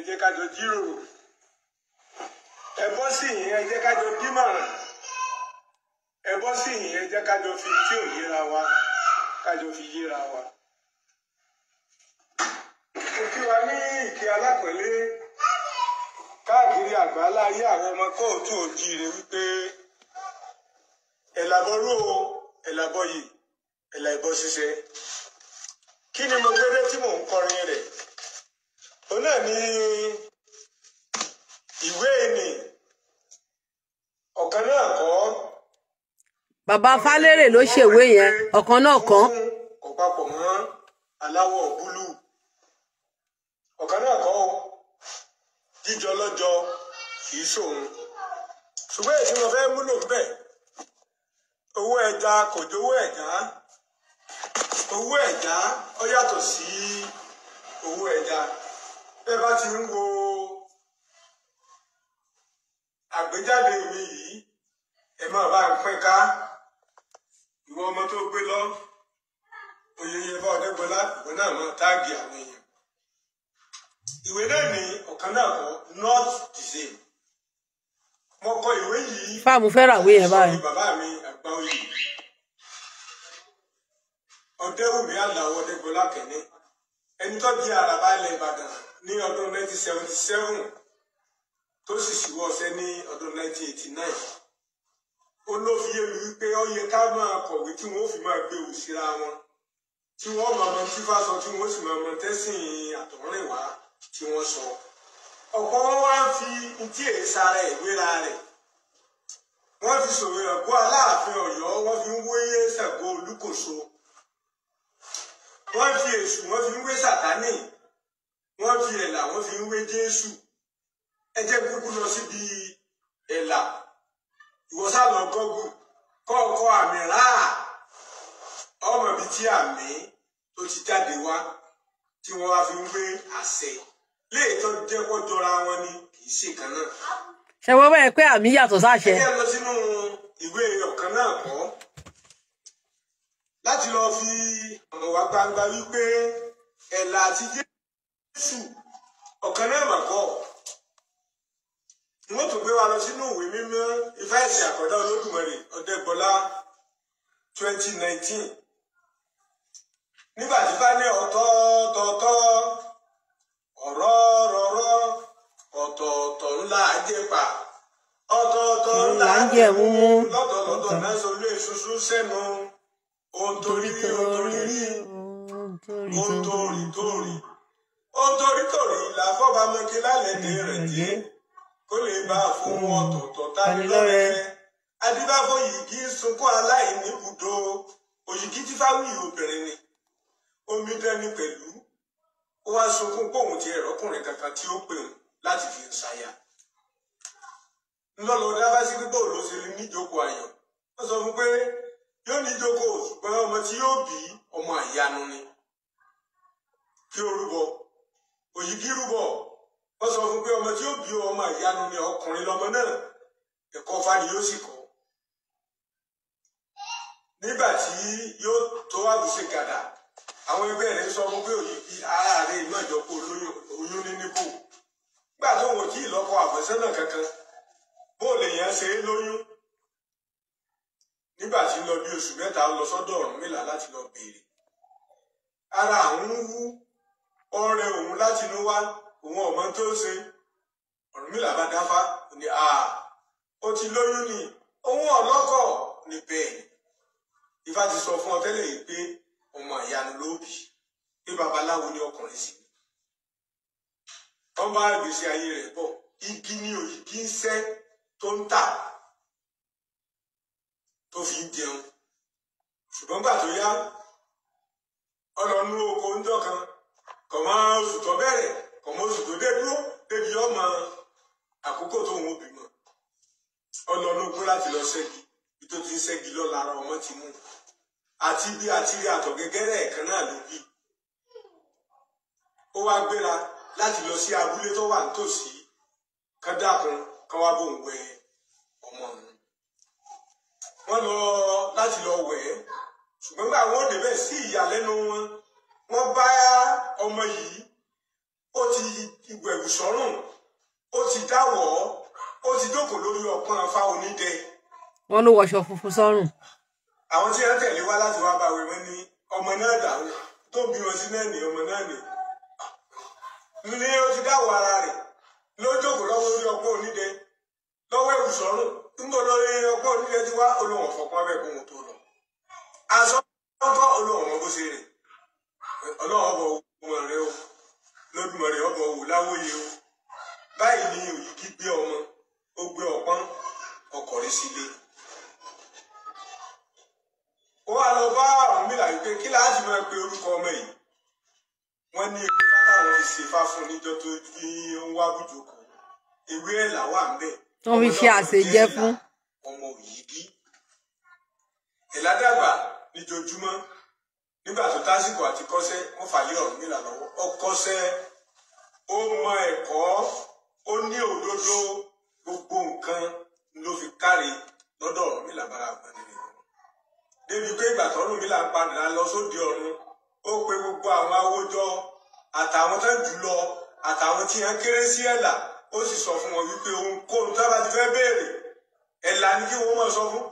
Speaker 3: jẹ́ ká jọ jíròrò ẹ bọ́ sí ìyẹn ẹ jẹ́ ká jọ dímọ̀ràn ẹ bọ́ sí jẹ́ ká jọ fi tí ò yíra wa ká jọ fi yíra wa. mo kí wa ní ìkí alápẹ̀lé káàkiri àgbáláyé àwọn ọmọ kóòtù òjíire wípé ẹ̀làbọ̀rú ẹ̀làbọ̀yì ẹ̀là ìbọn ṣiṣẹ́ kí ni mo gbé dé tí mò ń kọrin rẹ̀ òun náà ni ìwé ìní ọ̀kan náà kọ́.
Speaker 1: bàbá falérè ló ṣèwé yẹn ọ̀kan náà kọ́.
Speaker 3: kò mọ́ aláwọ̀ búlù ọ̀kan náà kọ́ jíjọ lọ́jọ́ kì í ṣùgbọ́n èyí mo fẹ́ múlò bẹ́ẹ̀ owó ẹja kò jówó ẹja owó ẹja ó yàtọ̀ sí owó ẹja bẹ́ẹ̀ bá ti ń wo àgbéjáde mi yìí ẹ máa bá ń pín ká ìwọ ọmọ tó gbé lọ oyeye bá ọdẹgbọlá ìwé náà máa táàgì àwọn èèyàn ìwé náà ní ọ̀kan náà kọ not the same mo kọ ìwé yìí
Speaker 1: fáàmù fẹ́ràn àwé yẹn báyìí bàbá
Speaker 3: mi àgbà oyè ọdẹwùmí àlàó ọdẹgbọlá kẹ́ni ẹni tó di àràbà ilẹ̀ ìbàdàn ní ọdún 1977 tó sì ṣíwọ́ ọṣẹ́ ní ọdún 1989 ó ló fi yé mi wípé ó yẹ ká máa kọ̀wé tí wọ́n fi máa gbé òwú síra wọn tí wọ́n máa mọ tí fá sọ tí wọ́n sì máa mọ tẹ́sìn àtọ̀rìnwá tí wọ́n sọ. ọ̀pọ̀ wọn wá ń fi ntí èsà rẹ̀ ìwéra rẹ̀ wọ́n fi sòwò ẹ̀kọ́ aláàfin ọ̀yọ́ wọ́n fi ń wóyé ṣàgó olúkòso wọ́n fi èṣù wọ́n fi ń wé sàtánì wọ́n fi ẹ̀là wọ́n fi ń wé jésù ẹ jẹ́ kúkú lọ síbi ẹ̀là ìwọ́sàlọ̀ gọ́gù kọ́ọ̀kọ́ àmì ráà ọmọ ibi tí àmì tó ti jáde wá tí wọ́n wá fi ń wé àṣẹ léètọ́ jẹ́ jọra wọn ni kì í ṣe kan náà.
Speaker 1: ṣé wọ́n bẹ̀rẹ̀ pé àmì yàtọ̀ sáṣẹ. ẹ lọ
Speaker 3: sínú ìwé ọ̀kan náà kọ́ láti lọ fi ọ̀rọ̀ wá gbangba wípé ẹ̀là àti Jésù ọ̀kan náà mà kọ́ wọ́n tún gbé wa lọ sínú ìwé mímọ́ ifá ẹ̀sìn àkọ́dá olódùmarè ọ̀dẹ́gbọ́lá 2019 nígbà tí bá ní ọ̀tọ̀ọ̀tọ̀ ọ̀rọ̀ rọ̀rọ̀ ọ̀tọ̀ọ̀tọ̀ ńlá àjẹpà ọ̀tọ̀ọ̀tọ̀
Speaker 1: ńlá àjẹmú lọ́tọ̀ọ̀tọ̀
Speaker 3: náà sọ ilé ìṣoṣo sẹ́nu ontorí ontorí ontorí torí ontorí torí la fọba mọkẹ lálẹ́ ní rẹ jẹ kó lè bá a fún wọn hmm. tọ̀tọ̀ tani lọ́rẹ́ adébáfọ yìí kì í sunkún aláìní ibùdó òyìnkí tí fáwọn yìí obìnrin ni omi dẹni pẹ̀lú ó wá sunkún póun ti ẹ̀rọ ọkùnrin kankan tí ó pè òun láti fi ṣàyà ńlọlọ dábàá sí pípọ̀ ló níjókòó ayọ̀ ó sọ fún pé yóò ní dóko ṣùgbọ́n ọmọ tí yóò bí ọmọ ìyanu ni kí ó rúbọ òyìnbí rúbọ wọ́n sọ fún pé ọmọ tí yóò bí ọmọ ìyanu ni ọkùnrin lọmọ náà ẹ̀kọ́ fani yóò sì kọ́ nígbà tí yóò tó àbùsẹ̀ gàdà àwọn ẹgbẹ́ rẹ̀ sọ fún pé òyìnbí ara rẹ̀ iná ìjọpọ̀ oyún ní níbò nígbà tó wọn kì í lọ́kọ àfẹ́sọ́nà kankan bó lè yẹn ṣe é lóyún nígbà tí ń lọ bí oṣù mẹ́ta ó lọ sọ́dọ̀ Ọ̀rúnmìlà láti lọ béèrè ara àwọn ń wú ọrẹ òun láti inú wá òun ọmọ tó ṣe Ọ̀rúnmìlà bá dáfá ó ní a ó ti lóyún ni òun ọlọ́kọ̀ ní bẹ́ẹ̀ Ifá ti sọ fún ọ tẹ́lẹ̀ yìí pé ọmọ ìyanu ló bì pé babaláwo ni ọkùnrin sì ọba ìgbésí ayé rẹ̀ bọ̀ igi ni òyìnbí ń sẹ́ tó ń tà tó fi ń jẹun ṣùgbọ́n gbà tó yá ọlọ́nu oko ńjọ kan kò mọ oṣù tó bẹ̀rẹ̀ kò mọ oṣù tó dé dúró débi ọmọ àkókò tó ń bímọ ọlọ́nu oko láti lọ ṣẹ́gi bí tó ti ń ṣẹ́gi lọ lára ọmọ ti mú àti bí àti rí àtọ̀gẹ́gẹ́rẹ́ ẹ̀kan náà ló bí ó wá gbéra láti lọ sí abúlé tó wà nítòsí kádàkùn káwá bò ń wẹ ọmọ rẹ wọ́n lọ láti lọ wẹ̀ ẹ́ ṣùgbọ́n gbà wọ́n débẹ̀ sí ìyàlẹ́nu wọn wọ́n bá ọmọ yìí ó ti ìwẹ̀wù sọ́rùn ó ti dáwọ̀ ó ti jókòó lórí ọ̀pọ̀n afá onídẹ.
Speaker 1: wọ́n ló wọṣọ funfun sọ́rùn.
Speaker 3: àwọn tí wọ́n tẹ̀lé wá láti wá bá wẹ̀ wọ́n ní ọmọ náà dà tó bí wọn sí náà ní ọmọ náà ní. ní ó ti dáwọ̀ ara rẹ̀ ló jókòó lórí ọ̀pọ̀n onídẹ lọ́wọ́ ẹ̀wù sọ́rùn ńgbò lórí ọgbọ́n onílẹ̀ ti wá olóhùn ọ̀fọ̀pọ̀ abẹ́ kó tó lọ. aṣọ ọkọ olóhùn ọmọ bó ṣe rè ọlọ́run ọbọ̀ ọmọ rẹ o lódùmọ̀ rẹ ọbọ̀ wò láwòye o báyìí ni òyìnbí gbé ọmọ ó gbé ọpọ́n ọkọ̀ rẹ sílé. ó wá lọ bá àwọn mílà wípé kí láti máa pe orúkọ ọmọ yìí wọ́n ní ewé bá táwọn ṣe fá fún níjọ́ tó fi ń wá bùjókòó ewé ẹ̀ làwà ń bẹ́ẹ̀ wọ́n fi ṣe àṣejẹ fún. ọmọ yìí bí ìládàgbà níjojúmọ́ nígbà tó tásìkò àti kọ́sẹ́ wọ́n fàyè ọ̀rùn nílà lọ́wọ́ ọkọ́sẹ́ ó mọ ẹ̀kọ́ ó ní òdodo gbogbo nǹkan ló fi kárí lọ́dọ̀ ọ̀rùn nílà bára àgbọn nínú débi pé ìgbà tọ́rùn nílà padà lọ sóde ọ̀run ó pe gbogbo àwọn awójọ àtàwọn tó jù lọ àtàwọn tí wọ́n kéré sí ẹ̀là ó sì sọ fún wọn wípé ohunkóhun tó bá ti fẹ́ béèrè ẹ̀là ni kí wọ́n máa sọ fún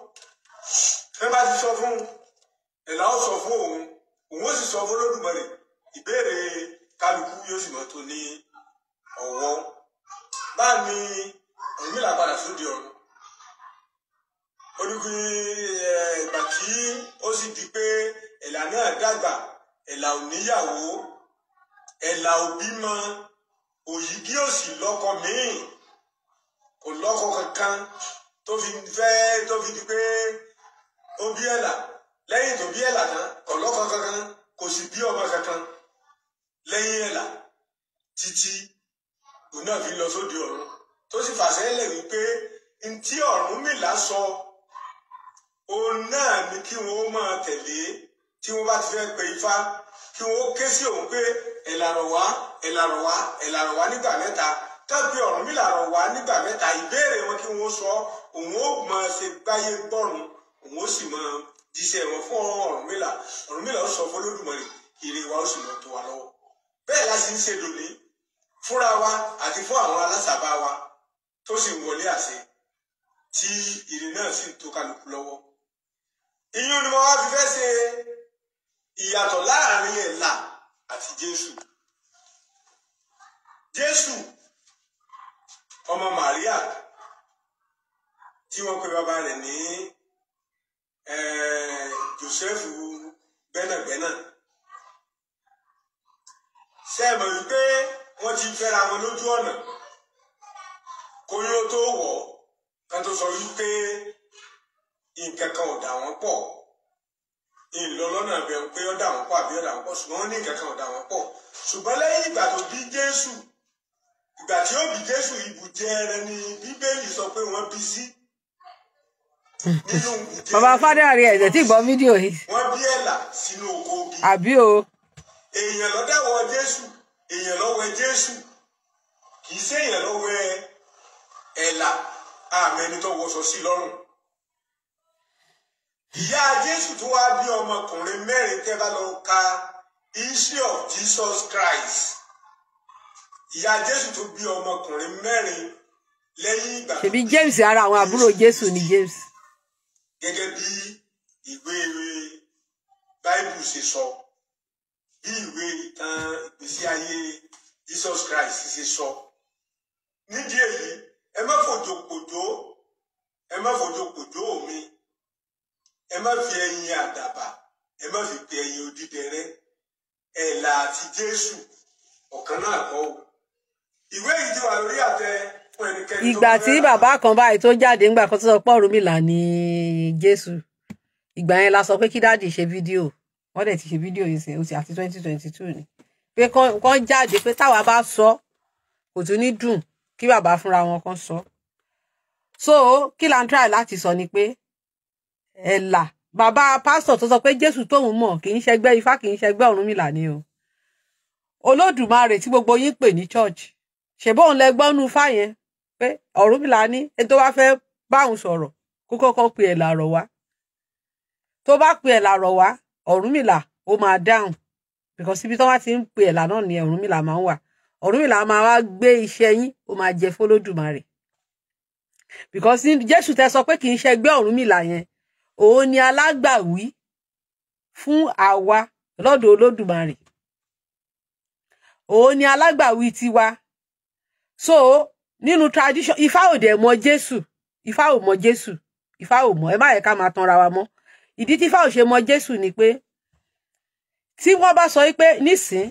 Speaker 3: ẹ bá ti sọ fún ẹ̀là ó sọ fún òun òun ó sì sọ fún Olódùmarè ìbéèrè kálukú yóò sì mọ́ tó ní ọ̀wọ́ bá ní Ọ̀rúnmìlà padà sóde ọ̀run onígun ìgbà tí ó sì di pé ẹ̀là náà dàgbà ẹ̀là ò níyàwó ẹ̀là ò bímọ òyìnbí òsì lọ́kọ míì kò lọ́kọ kankan tó fi fẹ́ tó fi di pé ó bí ẹ̀là lẹ́yìn tó bí ẹ̀là tán kò lọ́kọ kankan kò sì bí ọmọ kankan lẹ́yìn ẹ̀là títí òun náà fi lọ sóde ọ̀run tó sì fàṣẹ lẹ̀ wípé ntí Ọ̀rúnmìlà sọ òun náà ni kí wọ́n máa tẹ̀lé tí wọ́n bá ti fẹ́ pe Ifá kí wọ́n ké sí òun pé ẹ̀là rọ̀ wá ẹ̀là rọ̀ wá ẹ̀là rọ̀ wá nígbà mẹ́ta tàbí Ọ̀rúnmìlà rọ̀ wá nígbà mẹ́ta ìbéèrè wọn kí wọ́n sọ òun ó máa ṣe gbáyé gbọ́run òun ó sì máa jíṣẹ́ wọn fún Ọ̀rúnmìlà Ọ̀rúnmìlà ó sọ fún Olódùmarè ire wa ó sì máa tó wa lọ́wọ́ bẹ́ẹ̀ la sì ń ṣe dòní fúnra wa àti fún àwọn alásàbá wa tó sì ń wọlé àṣẹ tí ire náà sì ń tó kálukú lọ́wọ́ ìyún ni mo wá fi fẹ́ ṣe ìyàtọ̀ láàrin ẹ̀là àti Jésù jésù ọmọ màríà tí wọ́n pe bàbá rẹ̀ ní joseph gbẹ́nàgbẹ́nà ṣe é mọ̀ wípé wọ́n ti fẹ́ra wọn lójú ọ̀nà kó yóò tó wọ̀ ká tó sọ wípé nǹkan kan ò dà wọ́n pọ̀ ìlọlọ́nà bẹ̀ ń pé ó dà wọ́n pọ̀ àbí ó dà wọ́n pọ̀ ṣùgbọ́n ó ní nǹkan kan ò dà pọ̀ ṣùgbọ́n lẹ́yìn ìgbà tó bí jésù ìgbà tí ó bí jésù ìbùjẹ rẹ ni bíbélì sọ pé wọ́n bí sí.
Speaker 1: bàbá fádé àrí ẹ̀jẹ̀ tí gbọ́ fídíò yìí.
Speaker 3: wọ́n bí ẹ̀là sínú oko bí. àbí o. èèyàn ló dáwọ́ jésù èèyàn ló jésù kì í ṣèèyàn ló wẹ ẹ̀là àmẹ́ni tó wọṣọ sí lọ́rùn. ìyá jésù tó wá bí ọmọkùnrin mẹ́rin tẹ́ bá lọ ka history of Jesus Christ ìyá jésù tó bí ọmọkùnrin mẹ́rin lẹ́yìn ìgbà. ṣebí
Speaker 1: james ara àwọn àbúrò jésù ni james.
Speaker 3: gẹ́gẹ́ bí ìwé báíbù ṣe sọ bí ìwé ìtàn ìgbésí ayé jesus christ ṣe sọ nídìí èyí ẹ má fòjò pòjò ẹ má fòjò pòjò mi ẹ má fi ẹyin àdàbà ẹ má fi pe ẹyin odídẹrẹ́ ẹ là àti jésù ọ̀kan náà kọ́ o ìwé yìí ti wà lórí àtẹ fún
Speaker 1: ẹnikẹ́ni. ìgbà tí bàbá kan báyìí tó jáde ńgbà kan tó sọ pé Ọ̀rúnmìlà ni Jésù ìgbà yẹn la sọ pé kí dáàdì ṣe fídíò wọ́n dẹ̀ ti ṣe fídíò yìí sìn ó àti twenty twenty two ni pé kán jáde pé táwa bá sọ kò tún ní dùn kí bàbá fúnra wọn kan sọ so kí la ń try láti sọ ni pé ẹ là bàbá pásítọ̀ tó sọ pé Jésù tóun mọ̀ kì í ṣẹgbẹ́ Ifá kì í ṣẹgbẹ́ Ọ̀rúnmìlà ni o Olódùmarè tí gbogbo yín pè ní church ṣèbọn lẹ gbọnú fáyẹn pé Ọ̀rúnmìlà ní ẹni tó bá fẹ́ báwọn sọ̀rọ̀ kó kọ́kọ́ pe ẹ làrọ̀ wá tó bá pe ẹ làrọ̀ wá Ọ̀rúnmìlà ó máa dáhùn because ibi tí wọ́n ti ń pe ẹ̀là náà ni Ọ̀rúnmìlà máa ń wà Ọ̀rúnmìlà máa wá gbé iṣẹ́ yín ó máa jẹ fọ́lọ́dùmarè because Jésù tẹ sọ pé kì í ṣe ẹgbẹ́ Ọ̀rúnmìlà yẹn òun ni alágbàwí fún àwa lọ́dọ̀ Olódùmarè òun ni alágbàwí tiwa so nínú tradition ifá ò mọ jésù ifá mọ jésù ifá mọ ẹ má yẹ ká máa tanra wa mọ́ ìdí tí ifá ṣe mọ jésù ni pé tí wọ́n bá sọ pé nísìn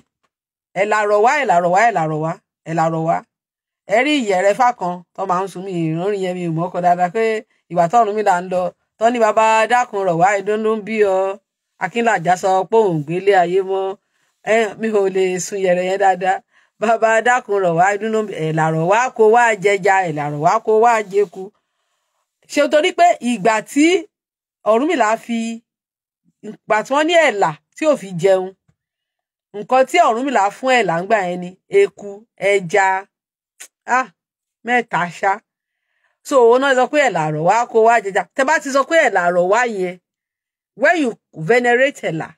Speaker 1: ẹ làrọ wá ẹ làrọ wá ẹ làrọ wá ẹ làrọ wá ẹ rí ìyẹrẹ fá kan tó máa ń sun mi ìrọrin yẹn mi ò mọkọ dáadáa pé ìgbà tọrùn mi là ń lọ tó ní bàbá dákun rọ wá ìdúndún bí ọ akínlàjà sọ pé òun gbélé ayé mọ́ ẹ mi ò lè sun ìyẹrẹ yẹn dáadáa bàbá dákun rọ̀ wá dúró ẹ̀làrọ̀ wá kó wá jẹja ẹ̀làrọ̀ wá kó wá jẹku ṣé torí pé ìgbà tí Ọ̀rúnmìlà fi ìgbà tí wọ́n ní ẹ̀là tí ò fi jẹun nǹkan tí Ọ̀rúnmìlà fún ẹ̀là ń gbà yẹn ni eku ẹja ah mẹ́ta ṣá so òun náà sọ pé ẹ̀làrọ̀ wá kó wá jẹja tẹ bá ti sọ pé ẹ̀làrọ̀ wá yẹn when you venerate ẹ̀là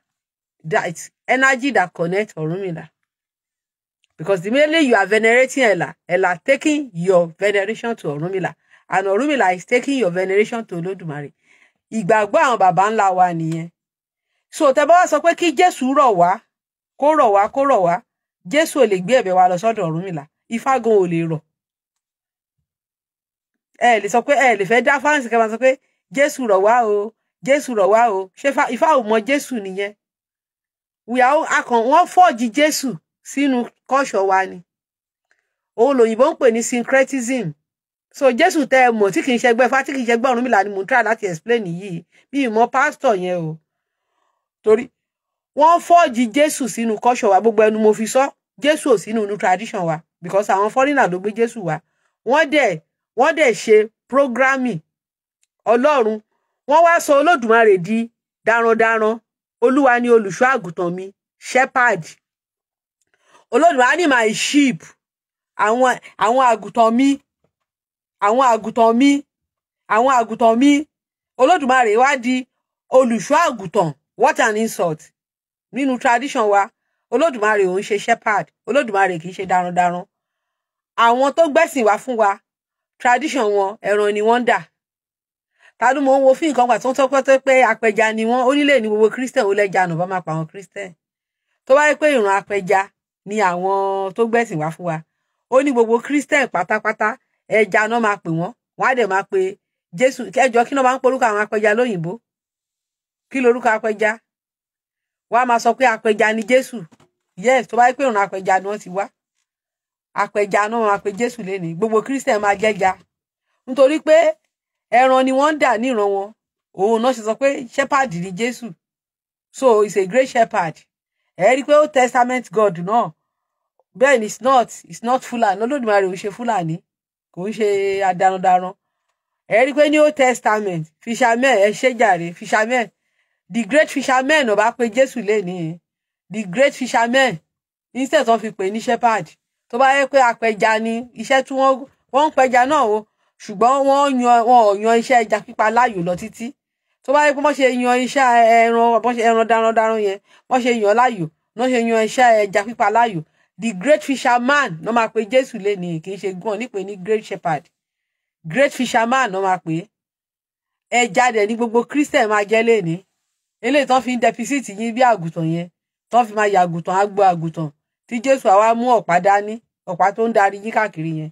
Speaker 1: that energy that connect Ọ̀rúnmìlà Because immediately you are venerating Ella, Ella taking your veneration to Orunmila, and Orunmila is taking your veneration to Olódùmarè. Ìgbàgbọ́ àwọn baba ńlá wa nìyẹn. So tẹ́ bá wá sọ pé kí Jesu rọ̀ wá, kó rọ̀ wá, kó rọ̀ wá, Jésù ò le gbé ẹ̀bẹ̀ wa lọ sọ́dọ̀ Orunmila, Ifá gan ò lè rọ̀. Ẹ lè sọ pé ẹ lè fẹ́ dá fáǹsì kẹ́ máa sọ pé Jésù rọ̀ wá o, Jésù rọ̀ wá o, ṣé Ifá ò mọ Jésù nìyẹn. Ìyàwó akàn wọ́n fọ́ọ̀jì Jésù sínú kọ́ṣọ̀ wa ni òun lòyìnbó ń pè ní syncretism so jésù tẹ ẹ mọ̀ tí kì í ṣẹgbẹ́ fá tí kì í ṣẹgbẹ́ Ọ̀rúnmìlà ni mò ń try láti explain yìí bí ìmọ̀ pásítọ̀ yẹn o torí wọ́n fọ́ọ̀jì jésù sínú kọ́ṣọ̀ wa gbogbo ẹnu mo fi sọ jésù ò sínú inú tradition wa because àwọn foreigner ló gbé jésù wa wọ́n dẹ̀ wọ́n dẹ̀ ṣe programming ọlọ́run wọ́n wá sọ olódùmarè di darandaran olúwa ni olùṣọ́ àgùntàn mi shepherd olódùmarè á ní my sheep àwọn àwọn àgùntàn mi àwọn àgùntàn mi àwọn àgùntàn mi olódùmarè wá di olùṣọ́ àgùntàn what an insult nínú tradition wa olódùmarè ò ń ṣe shepherd olódùmarè kì í ṣe darandaran àwọn tó gbẹ̀sìn wá fún wa tradition wọn ẹran ni wọ́n ń dà tàbí mo ń wo fún nǹkan pàtó tó pẹ́ pé apẹja ni wọ́n onílé ní gbogbo christian ó lẹ́jà nù bá máa pa àwọn christian tó bá yẹ pé ìran apẹja ni àwọn tó gbẹ̀sìn wá fún wa ó ní gbogbo christian pátápátá ẹja náà máa pè wọ́n wọ́n á dẹ̀ máa pe jésù ẹjọ kí náà máa ń porúkọ àwọn apẹja lóyìnbó kí lorúkọ apẹja wọ́n á máa sọ pé apẹja ni jésù yes tó bá yẹ pé òun apẹja ni wọ́n ti wá apẹja náà máa pe jésù lẹni gbogbo christian máa jẹja nítorí pé ẹran ni wọ́n ń dà níran wọn òun náà ṣe sọ pé shepherd ni jésù so he's a great shepherd ẹ rí i pé old testament god náà bẹ́ẹ̀ ni it's not it's not Fúlàní Olódùmarè ò ń ṣe Fúlàní kò ń ṣe adarandaran ẹ rí i pé ní old testament fishermen ẹ ṣe jàre fishermen the great fishermen ọba pé Jésù lè ní the great fishermen instead wọ́n fi pè ní shepherd tó bá yẹ pé apẹja ni iṣẹ́ tí wọ́n ń pẹja náà o ṣùgbọ́n wọ́n yan iṣẹ́ ẹja pípa láàyò lọ títí tó bá rí pé wọ́n ṣe yan iṣẹ́ ẹran wọ́n ṣe ẹran darandaran yẹn wọ́n ṣe yan láàyò wọ́n ṣe yan iṣẹ́ ẹja pípa láàyò the great fisherman ló máa pe jésù lẹ́ni kì í ṣe gan nípe ní great shepherd great fisherman ló máa pe ẹja dẹ̀ ní gbogbo christian máa jẹ́ lẹ́ni eléyìí tó fi ń deficit yín bí àgùntàn yẹn tó fi máa yà àgùntàn á gbọ́ àgùntàn tí jésù àwa mú ọ̀pá dání ọ̀pá tó ń darí yín káàkiri yẹn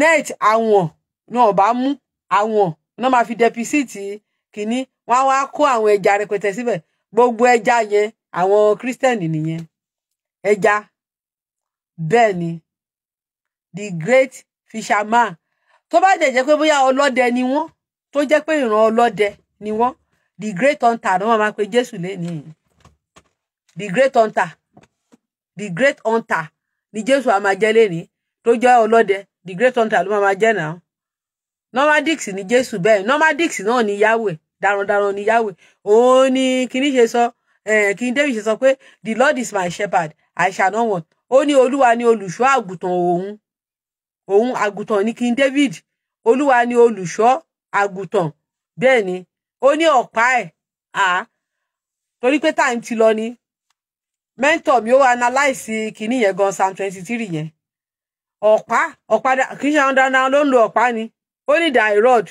Speaker 1: net àwọn náà bá mú àwọn náà máa fi deficit yìí kínní wọ́n wá kó àwọn ẹja rẹpẹtẹ síbẹ̀ gbogbo ẹja yẹn àwọn kírísítẹ́nì nìyẹn ẹja bẹ́ẹ̀ ni the great fisherman tó bá dẹ̀ jẹ́ pé bóyá ọlọ́dẹ ni wọ́n tó jẹ́ pé ìran ọlọ́dẹ ni wọ́n the great hunter ni wọ́n máa pe Jésù lẹ́nìí the great hunter the great hunter ni Jésù àmàjẹ́ lẹ́nìí tó jẹ́ ọlọ́dẹ the great hunter ló máa jẹ́ náà nomadics ni jésù bẹ́ẹ̀ nomadics náà ni yahweh darandaran ni yahweh òun ni kìíní ṣe sọ eh, kìíní david ṣe sọ pé the lord is my shepherd i shall not want ó ní olúwa ni olùṣọ́ àgùntàn òun òun àgùntàn ni kìíní david olúwa ni olùṣọ́ àgùntàn bẹ́ẹ̀ ni ó ní ọ̀pá ẹ̀ à torí pé time ti lọ ni mentor mi ó analyse kìíní yẹn gan psalm twenty three yẹn ọ̀pá ọ̀pá kìí ṣe àwọn dandan ló ń lo ọ̀pá ni ó ní thy rod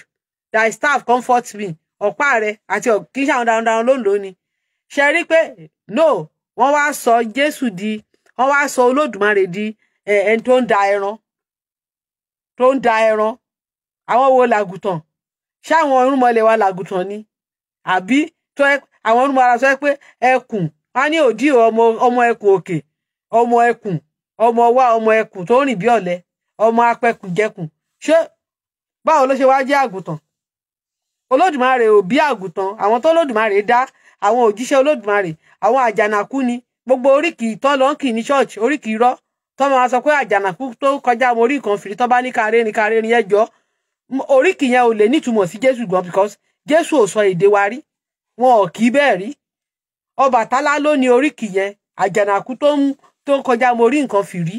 Speaker 1: thy staff comfort me ọ̀pá rẹ àti kì í ṣe àwọn darandaran lóńdó ni ṣe rí pé no wọ́n wá sọ Jésù di wọ́n wá sọ Olódùmarè di ẹni tó ń da ẹran tó ń da ẹran àwọn wo làgùtàn ṣé àwọn irúnmọlẹ̀ wa làgùtàn ni àbí tó ẹ àwọn irúnmọlẹ̀ sọ pé ẹkùn wọn ní òdì ọmọ ọmọ ẹkùn òkè ọmọ ẹkùn ọmọ wa ọmọ ẹkùn tó rìn bí ọ̀lẹ ọmọ apẹkùn jẹkùn ṣé báwo ló ṣe wá jẹ́ àgùntàn olódùmarè ò bí àgùntàn àwọn tó lódùmarè dá àwọn òjíṣẹ́ olódùmarè àwọn àjànàkú ni gbogbo oríkì tán lọ ń kì ní ṣọ́ọ̀ṣì oríkì irọ́ tó máa sọ pé àjànàkú tó kọjá mo rí nǹkan fìrí tó bá ní kárẹ́ ni kárẹ́ ni ẹjọ́ oríkì yẹn ò lè nítumọ̀ sí jésù gan because jésù ò sọ èdè wa rí wọn ò kí bẹ́ẹ̀ rí ọbàtálá ló ní oríkì yẹn àjànàkú tó ń tó ń kọjá mo rí nǹkan fìrí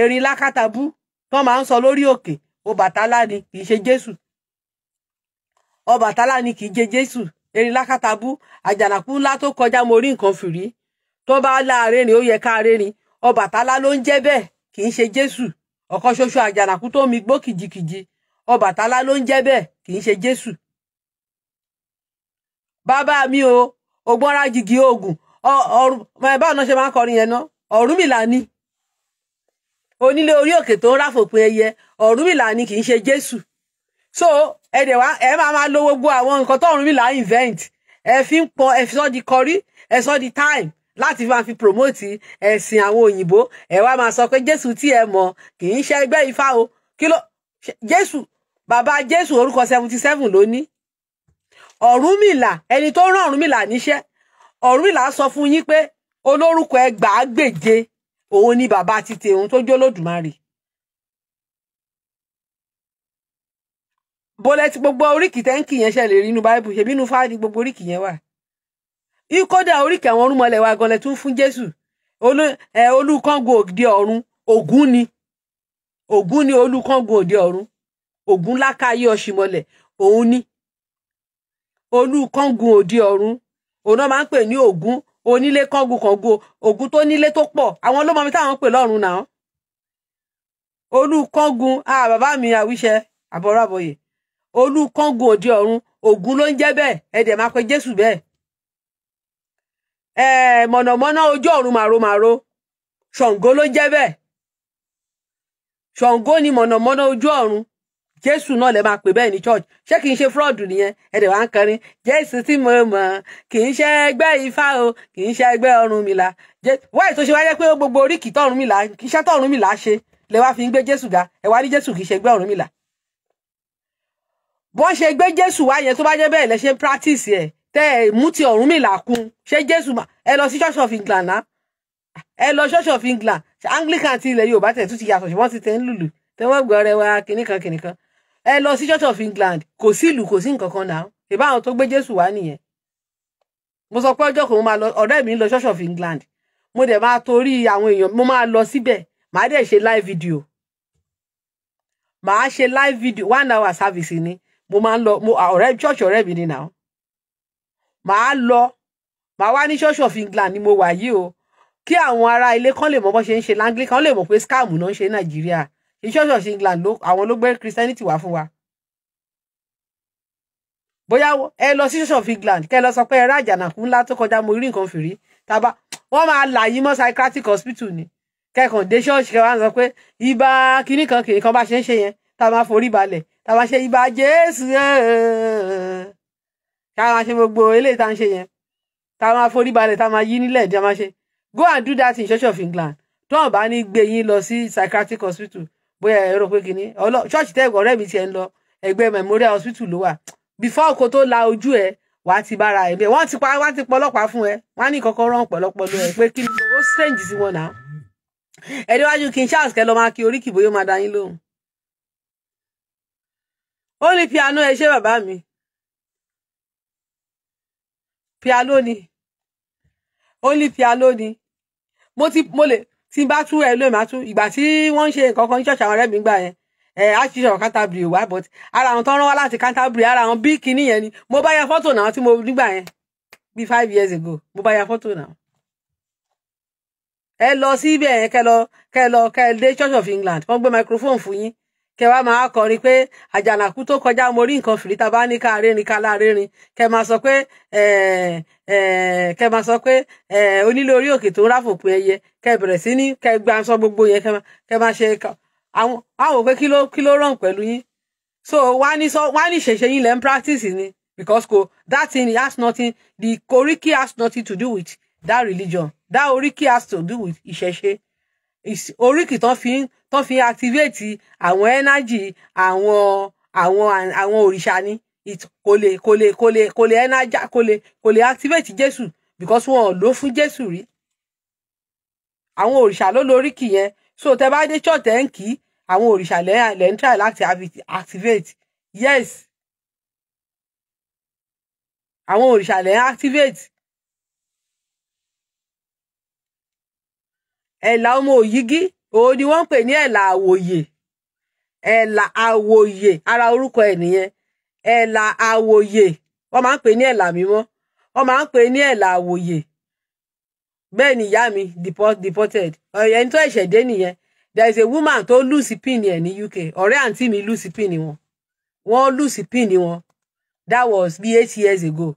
Speaker 1: erin lákàtàbú tó máa ń sọ lórí òkè Ọbàtálá ni kì í ṣe Jésù Ọbàtálá ni kì í jẹ Jésù àjànàkú ńlá tó kọjá mo nǹkan fìrí tó bá láàrin ó yẹ ká rìn Ọbàtálá ló ń jẹ́ bẹ́ẹ̀ kì í ṣe Jésù ṣoṣo àjànàkú tó mi ń jẹ́ bẹ́ẹ̀ kì í ṣe Jésù. bàbá mi o jìgì oògùn ṣe máa onílé orí òkè tó ń ráfòpin ẹyẹ ọ̀rúnmìlà ni kì í ṣe jésù so ẹ̀dẹ̀ wa ẹ máa máa lo gbogbo àwọn nǹkan tó ọ̀rúnmìlà invent ẹ fi ń pọ ẹ fi sọ́ di kọrí ẹ sọ́ di time láti máa fi promote ẹ̀sìn àwọn òyìnbó ẹ wá máa sọ pé jésù tí ẹ mọ̀ kì í ṣe ẹgbẹ́ ifá o kí ló jésù bàbá jésù orúkọ seventy seven ló ní ọ̀rúnmìlà ẹni tó rán ọ̀rúnmìlà níṣẹ́ ọ̀rúnmìlà sọ fún yín pé olórúkọ ẹgbàá gbèje òun ni bàbá títí òun tó jólódùmarè bọ́lẹ́tì gbogbo oríkì tẹ́ǹkì yẹn ṣẹlẹ̀ rí inú báíbù ṣebí inú fáàdì gbogbo oríkì yẹn wà kódà oríkì àwọn orúnmọlẹ̀ wa gan lẹ tún fún jésù olùkọ́ngo òde ọ̀run ògún ni ògún ni olùkọ́ngo òde ọ̀run ògún lákàáyé ọ̀ṣìmọlẹ̀ òun ni olùkọ́ngo òde ọ̀run òun náà máa ń pè ní ògún onílé kángun kángun ògùn tó nílé tó pọ̀ àwọn ló mọ mi táwọn ń pè lọ́rùn náà olú kángun a bàbá mi àwíṣẹ àbọ̀rọ̀ àbọ̀yè olú kángun òde ọ̀run ògùn ló ń jẹ́ bẹ́ẹ̀ ẹ̀dẹ̀ máa pe jésù bẹ́ẹ̀ ẹ̀ mọ̀nàmọ́ná ojú ọ̀run màromàro ṣàngó ló ń jẹ́ bẹ́ẹ̀ ṣàngó ni mọ̀nàmọ́ná ojú ọ̀run jésù náà lè máa pè bẹ́ẹ̀ ní church ṣé kì í ṣe fraud nìyẹn ẹ dẹ̀ wá ń kọrin jésù tí mo mọ̀ kì í ṣe ẹgbẹ́ ifá o kì í ṣe ẹgbẹ́ ọ̀rúnmìlà wáyé tó ṣe wáyé pé gbogbo oríkì tọ̀rúnmìlà iṣẹ́ tọ̀rúnmìlà ṣe lè wá fi ń gbé jésù ga ẹ wá ní jésù kì í ṣe ẹgbẹ́ ọ̀rúnmìlà. bọ́n ṣe gbé jésù wá yẹn tó bá jẹ́ bẹ́ẹ̀ lẹ practice ẹ̀ tẹ́ ẹ mú ti ọ̀rúnmìlà kún ṣé jésù ẹ lọ sí church of england ná ẹ lọ church of england anglican ti ilẹ̀ yorùbá tẹ̀ tún ti yàtọ̀ ṣùgbọ́n ti tẹ̀ ń lùlù tẹ́wọ́ gbọ́ rẹ wá kìnnìkan kìnnìkan ẹ lọ sí Church of England kò sí ìlú kò sí nǹkan kan náà ìbá àwọn tó gbé Jésù wá nìyẹn mo sọ pé ọjọ́ kan mo máa lọ ọ̀rẹ́ mi lọ Church of England mo dẹ̀ máa torí àwọn èèyàn mo máa lọ síbẹ̀ màá dẹ̀ ṣe live video màá ṣe live video one hour service ni mo máa ń lọ ọ̀rẹ́ church ọ̀rẹ́ mi ni now màá lọ màá wá ní Church of England ni mo wà yìí o kí àwọn ará ilé kan lè mọ bó ṣe ń ṣe langley kan lè mọ pé scam náà ń ṣe Nàìjíríà ní church of England ló àwọn ló gbé Christianity wá fún wa bóyá ẹ lọ sí church of England kẹ lọ sọ pé ẹ rà àjànàkú ńlá tó kọjá mo rí nǹkan fìrí tàbá wọn máa là yín mọ́ psychiatric hospital ni kẹkàn dé church kẹwàá sọ pé ibà kínní kan kìnìkan kan bá ṣe ń ṣe yẹn tá a máa forí balẹ̀ tá a máa ṣe ibà Jésù ká máa ṣe gbogbo eléyìí tá a ń ṣe yẹn tá a máa forí balẹ̀ tá a máa yí nílẹ̀ tí a máa ṣe go and do that in church of England tó wọn bá ní gbé yín lọ sí psychiatric hospital bóyá ẹ pé kinní ṣọ́ọ̀ṣì tẹ ọ̀rẹ́ mi lọ ẹgbẹ́ memorial hospital ló wà before kò tó la ojú ẹ wàá ti bára ẹ wọ́n ti pa fún ẹ wọ́n ni ó strange sí wọn náà Charles kẹ lọ máa kí oríkì bóyá máa lóhùn ó ní piano mi piano ni ó ní tí bá tú ẹ lóyún máa tú ìgbà tí wọ́n ń ṣe nǹkan kan ní ṣọ́ọ̀ṣì àwọn ọ̀rẹ́ mi gbà yẹn ẹ á ṣiṣẹ́ ọ̀rọ̀ wá but ara àwọn tó ń rán wá láti Canterbury ara àwọn bí kinní yẹn ni mo bá ya fọ́tò náà tí mo nígbà yẹn bíi five years ago mo bá ya fọ́tò náà. ẹ lọ síbẹ̀ yẹn kẹ lọ kẹ lọ kẹ dé Church of England wọ́n gbé microphone fún yín kẹ wá máa kọrin pé àjànàkú tó kọjá mo rí nǹkan fìrí tàbá ní ká rérin ká lárérin kẹ máa sọ pé kẹ máa sọ pé onílé orí òkè tó ń ráfòpin ẹyẹ kẹ bẹ̀rẹ̀ sí ní kẹ gba sọ gbogbo yẹn kẹ máa ṣe àwọn àwọn pé kí ló kí ló ràn pẹ̀lú yín so wá ní sọ wá ní ṣẹ̀ṣẹ̀ yín lẹ́ ń practice ni because ko that thing has nothing the koriki has nothing to do with that religion that oriki has to do with ìṣẹ̀ṣe. oríkì tán fi tán fi activate àwọn energy àwọn àwọn àwọn òrìṣà ni kò lè kò lè kò lè kò lè energy kò lè kò lè activate Jésù because wọn ò lò fún Jésù rí àwọn òrìṣà ló lo oríkì yẹn so tẹ bá dé church ẹ ń kí àwọn òrìṣà lẹ ń try láti activate yes àwọn òrìṣà lẹ ń activate ẹ̀là ọmọ òyígí òun ni wọ́n ń pè ní ẹ̀là àwòyè ẹ̀là àwòyè ara orúkọ ẹ̀ nìyẹn ẹ̀là àwòyè wọ́n máa ń pè ní ẹ̀là mímọ́ wọ́n máa ń pè ní ẹ̀là àwòyè bẹ́ẹ̀ ni ìyá mi deported ẹni tó ẹ̀ṣẹ̀ dé nìyẹn there is a woman tó lùsì pin ẹ̀ ní UK ọ̀rẹ́ àǹtí mi lùsì pin wọn wọ́n lùsì pin wọn that was bí eight years ago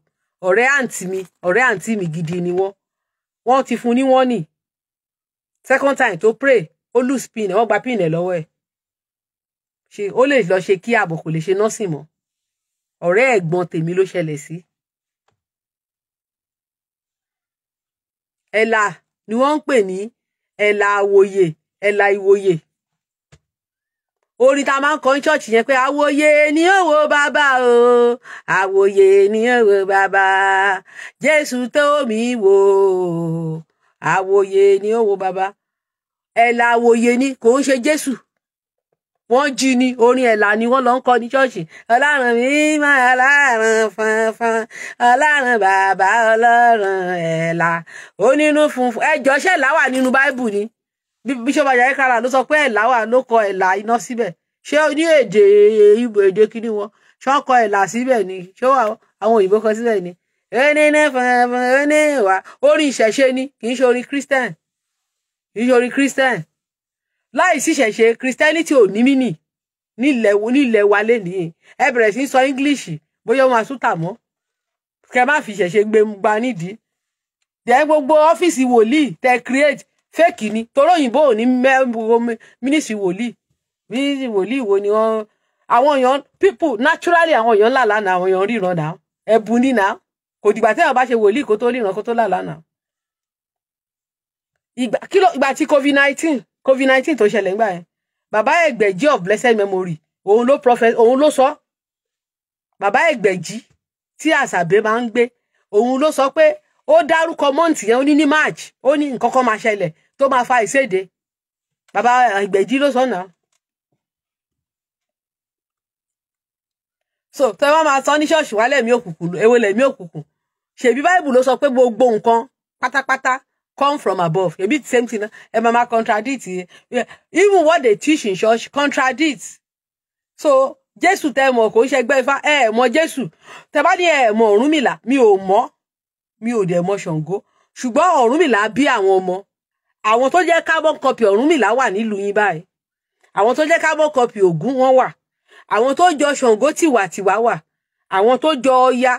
Speaker 1: ọ̀rẹ́ àǹtí mi ọ̀rẹ́ àǹtí mi gidi ni wọ́n wọ́n ti fún ní wọ́n nìí second time to pray ó lose pin ẹ̀ wọ́n gba pin ẹ̀ lọ́wọ́ ẹ̀ ṣe ó lè lọ ṣe kí ààbò kò lè ṣe nọ́ọ̀sìn mọ́ ọ̀rẹ́ ẹ̀gbọ́n tèmi ló ṣẹlẹ̀ sí. ẹ̀là ni wọ́n ń pè ní ẹ̀là àwòyè ẹ̀là ìwòyè orin ta máa ń kọ ní ṣọ́ọ̀ṣì yẹn pé ni ó wo o àwòyè ni ó wo bàbá jésù mi wò àwòye ni ó wo bàbá ẹ̀là àwòye ni kò ń ṣe jésù wọ́n jí ni orin ẹ̀là ni wọ́n lọ ń kọ ní ṣọ́ọ̀ṣì ọlọ́run mi máa ọlọ́run fanfan ọlọ́run bàbá ọlọ́run ẹ̀là onínú funfun ẹjọ́ ṣe ẹ̀là wà nínú báíbù ni bíṣọ́ọ̀bù ajayi kára ló sọ pé ẹ̀là wà ló kọ ẹ̀là iná síbẹ̀ ṣé ní èdè ìbò èdè kíní wọn ṣọ́ọ̀kọ ẹ̀là síbẹ̀ ni ṣé àwọn òyìnbó kọ síbẹ̀ ni ẹnẹnẹfẹnẹwà orin ìṣẹ̀ṣe ni kì í ṣe orin christian kì í ṣe orin christian láì sí ìṣẹ̀ṣe christianity ò ní mínì nílẹ̀ wa lénìí ẹ bẹ̀rẹ̀ sí sọ english bóyá wọn àtúntà mọ́ kẹ má fi ìṣẹ̀ṣe gbé gba nídìí jẹ́ gbogbo ọ́fíìsì wòlíì tẹ create fake ni torí òyìnbó ò ní mínísírì wòlíì mínísírì wòlíì wo ni wọ́n àwọn èèyàn people naturally àwọn èèyàn làlá náà àwọn èèyàn ríran náà ẹ̀bùn ní náà kò dìgbà téèyàn bá ṣe wòlíì kó tó ríran kó tó là lánàá ìgbà kí ìgbà tí covid nineteen covid nineteen tó ṣẹlẹ̀ ńgbà yẹn bàbá ẹgbẹ̀jì of blessed memory òun ló prophet òun ló sọ bàbá ẹgbẹ̀jì tí àṣàbẹ máa ń gbé òun ló sọ pé ó dárúkọ mọ́ǹtì yẹn ó ní ní march ó ní nǹkan kan máa ṣẹlẹ̀ tó máa fa ìséde bàbá ẹgbẹ̀jì ló sọ náà. so tẹ́wọ́n máa sọ ní ṣọ́ọ̀ṣì wálẹ̀ mi òkùnkùn ewé lẹ̀ mi òkùnkùn ṣèbí báìbù ló sọ pé gbogbo nǹkan pátápátá come from above ṣèbí the same thing na ẹ máa máa contradict even what they teach in church contradict so jésù tẹ mọ̀ kò ń ṣẹgbẹ́ ifá ẹ ẹ mọ̀ jésù tẹ bá ní ẹ mọ̀ ọ̀rúnmìlà mi ò mọ̀ mi ò dẹ̀ mọ̀ ṣàngó ṣùgbọ́n ọ̀rúnmìlà bí àwọn ọmọ àwọn tó jẹ́ carbon copy ọ̀rúnmìlà wà nílùú yín báyìí àwọn tó jẹ́ carbon copy ògún wọn wà àwọn tó jọ ṣàngó tìwàtìwà wà àwọn tó jọ ọya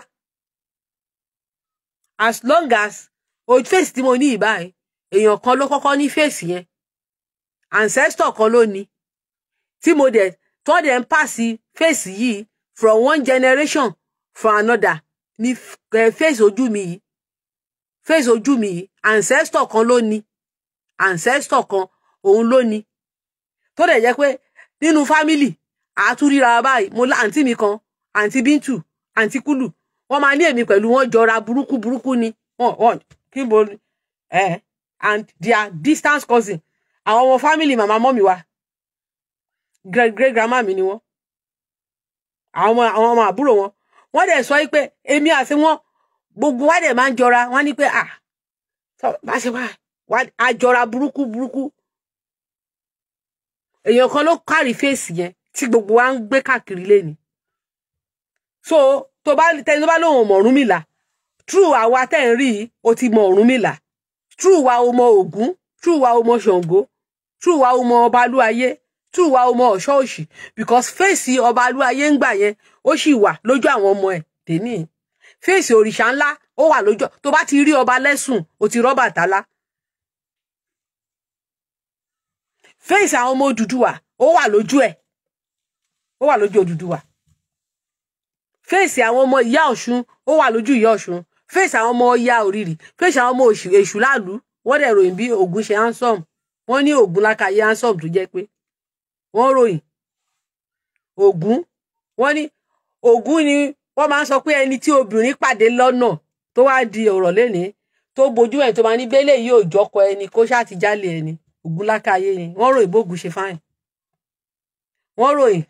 Speaker 1: as long as ojú face tí mo ní ìbáyìí èèyàn kan ló kọ́kọ́ ní fèsì yẹn ancestor kan ló ní tí mo dẹ̀ tó dẹ̀ ń pàṣẹ fèsì yìí from one generation from another ní face ojú mi yìí fèsì ojú mi yìí ancestor kan ló ní ancestor kan òun ló ní tó dẹ̀ jẹ́ pé nínú family àtúríra báyìí mo lá àǹtí mi kan àǹtí bíntù àǹtí kúlù wọ́n máa ní èmi pẹ̀lú wọn jọra burúkú burúkú ni wọ́n wọ́n kí n bo ẹ and their distance cousin àwọn ọmọ family màmá mọ́mì wa great great grandma mi ni wọ́n àwọn ọmọ àwọn ọmọ àbúrò wọn wọ́n dẹ̀ sọ pé èmi àti wọn gbogbo wa dẹ̀ máa ń jọra wọ́n ní pé ah bá ṣe wá àjọra burúkú burúkú èèyàn kan ló kárí fèsì yẹn tí gbogbo wa ń gbé káàkiri lé ni so tó bá tẹni tó bá lóun mọ Ọ̀rúnmìlà true àwa tẹ́ ń rí o ti mọ Ọ̀rúnmìlà true wa o mọ Ògún true wa o mọ Ṣàngó true wa o mọ Ọbalúayé true wa o mọ Ọ̀ṣọ́ọ̀ṣì because fèsì Ọbalúayé ń gbà yẹn ó sì wà lójú àwọn ọmọ ẹ̀ dèní fèsì òrìṣà ńlá ó wà lójú tó bá ti rí ọba lẹ́sùn o ti rọ́ Ọbàtálá fèsì àwọn ọmọ Odùduwà ó wà lójú ẹ̀ ó wà lójú Odùduwà fèsì àwọn ọmọ ìyá ọ̀ṣun ó wà lójú ìyá ọ̀ṣun fèsì àwọn ọmọ ọya òrìrì fèsì àwọn ọmọ èṣù láàlú wọ́n dẹ̀ ròyìn bí ògùn ṣe hansom wọ́n ní ògùn lákàyè hansom tó jẹ́ pé wọ́n ròyìn ògùn wọ́n ní ògùn ni wọ́n máa ń sọ pé ẹni tí obìnrin pàdé lọ́nà tó wá di ọ̀rọ̀ lénìí tó bojú ẹ̀ tó máa ní bẹ́lẹ̀ yóò jọkọ ẹni kó ṣáà ti jálè ẹni ògùn lákàyè ni wọ́n ròyìn bóògùn ṣe fáyìn wọ́n ròyìn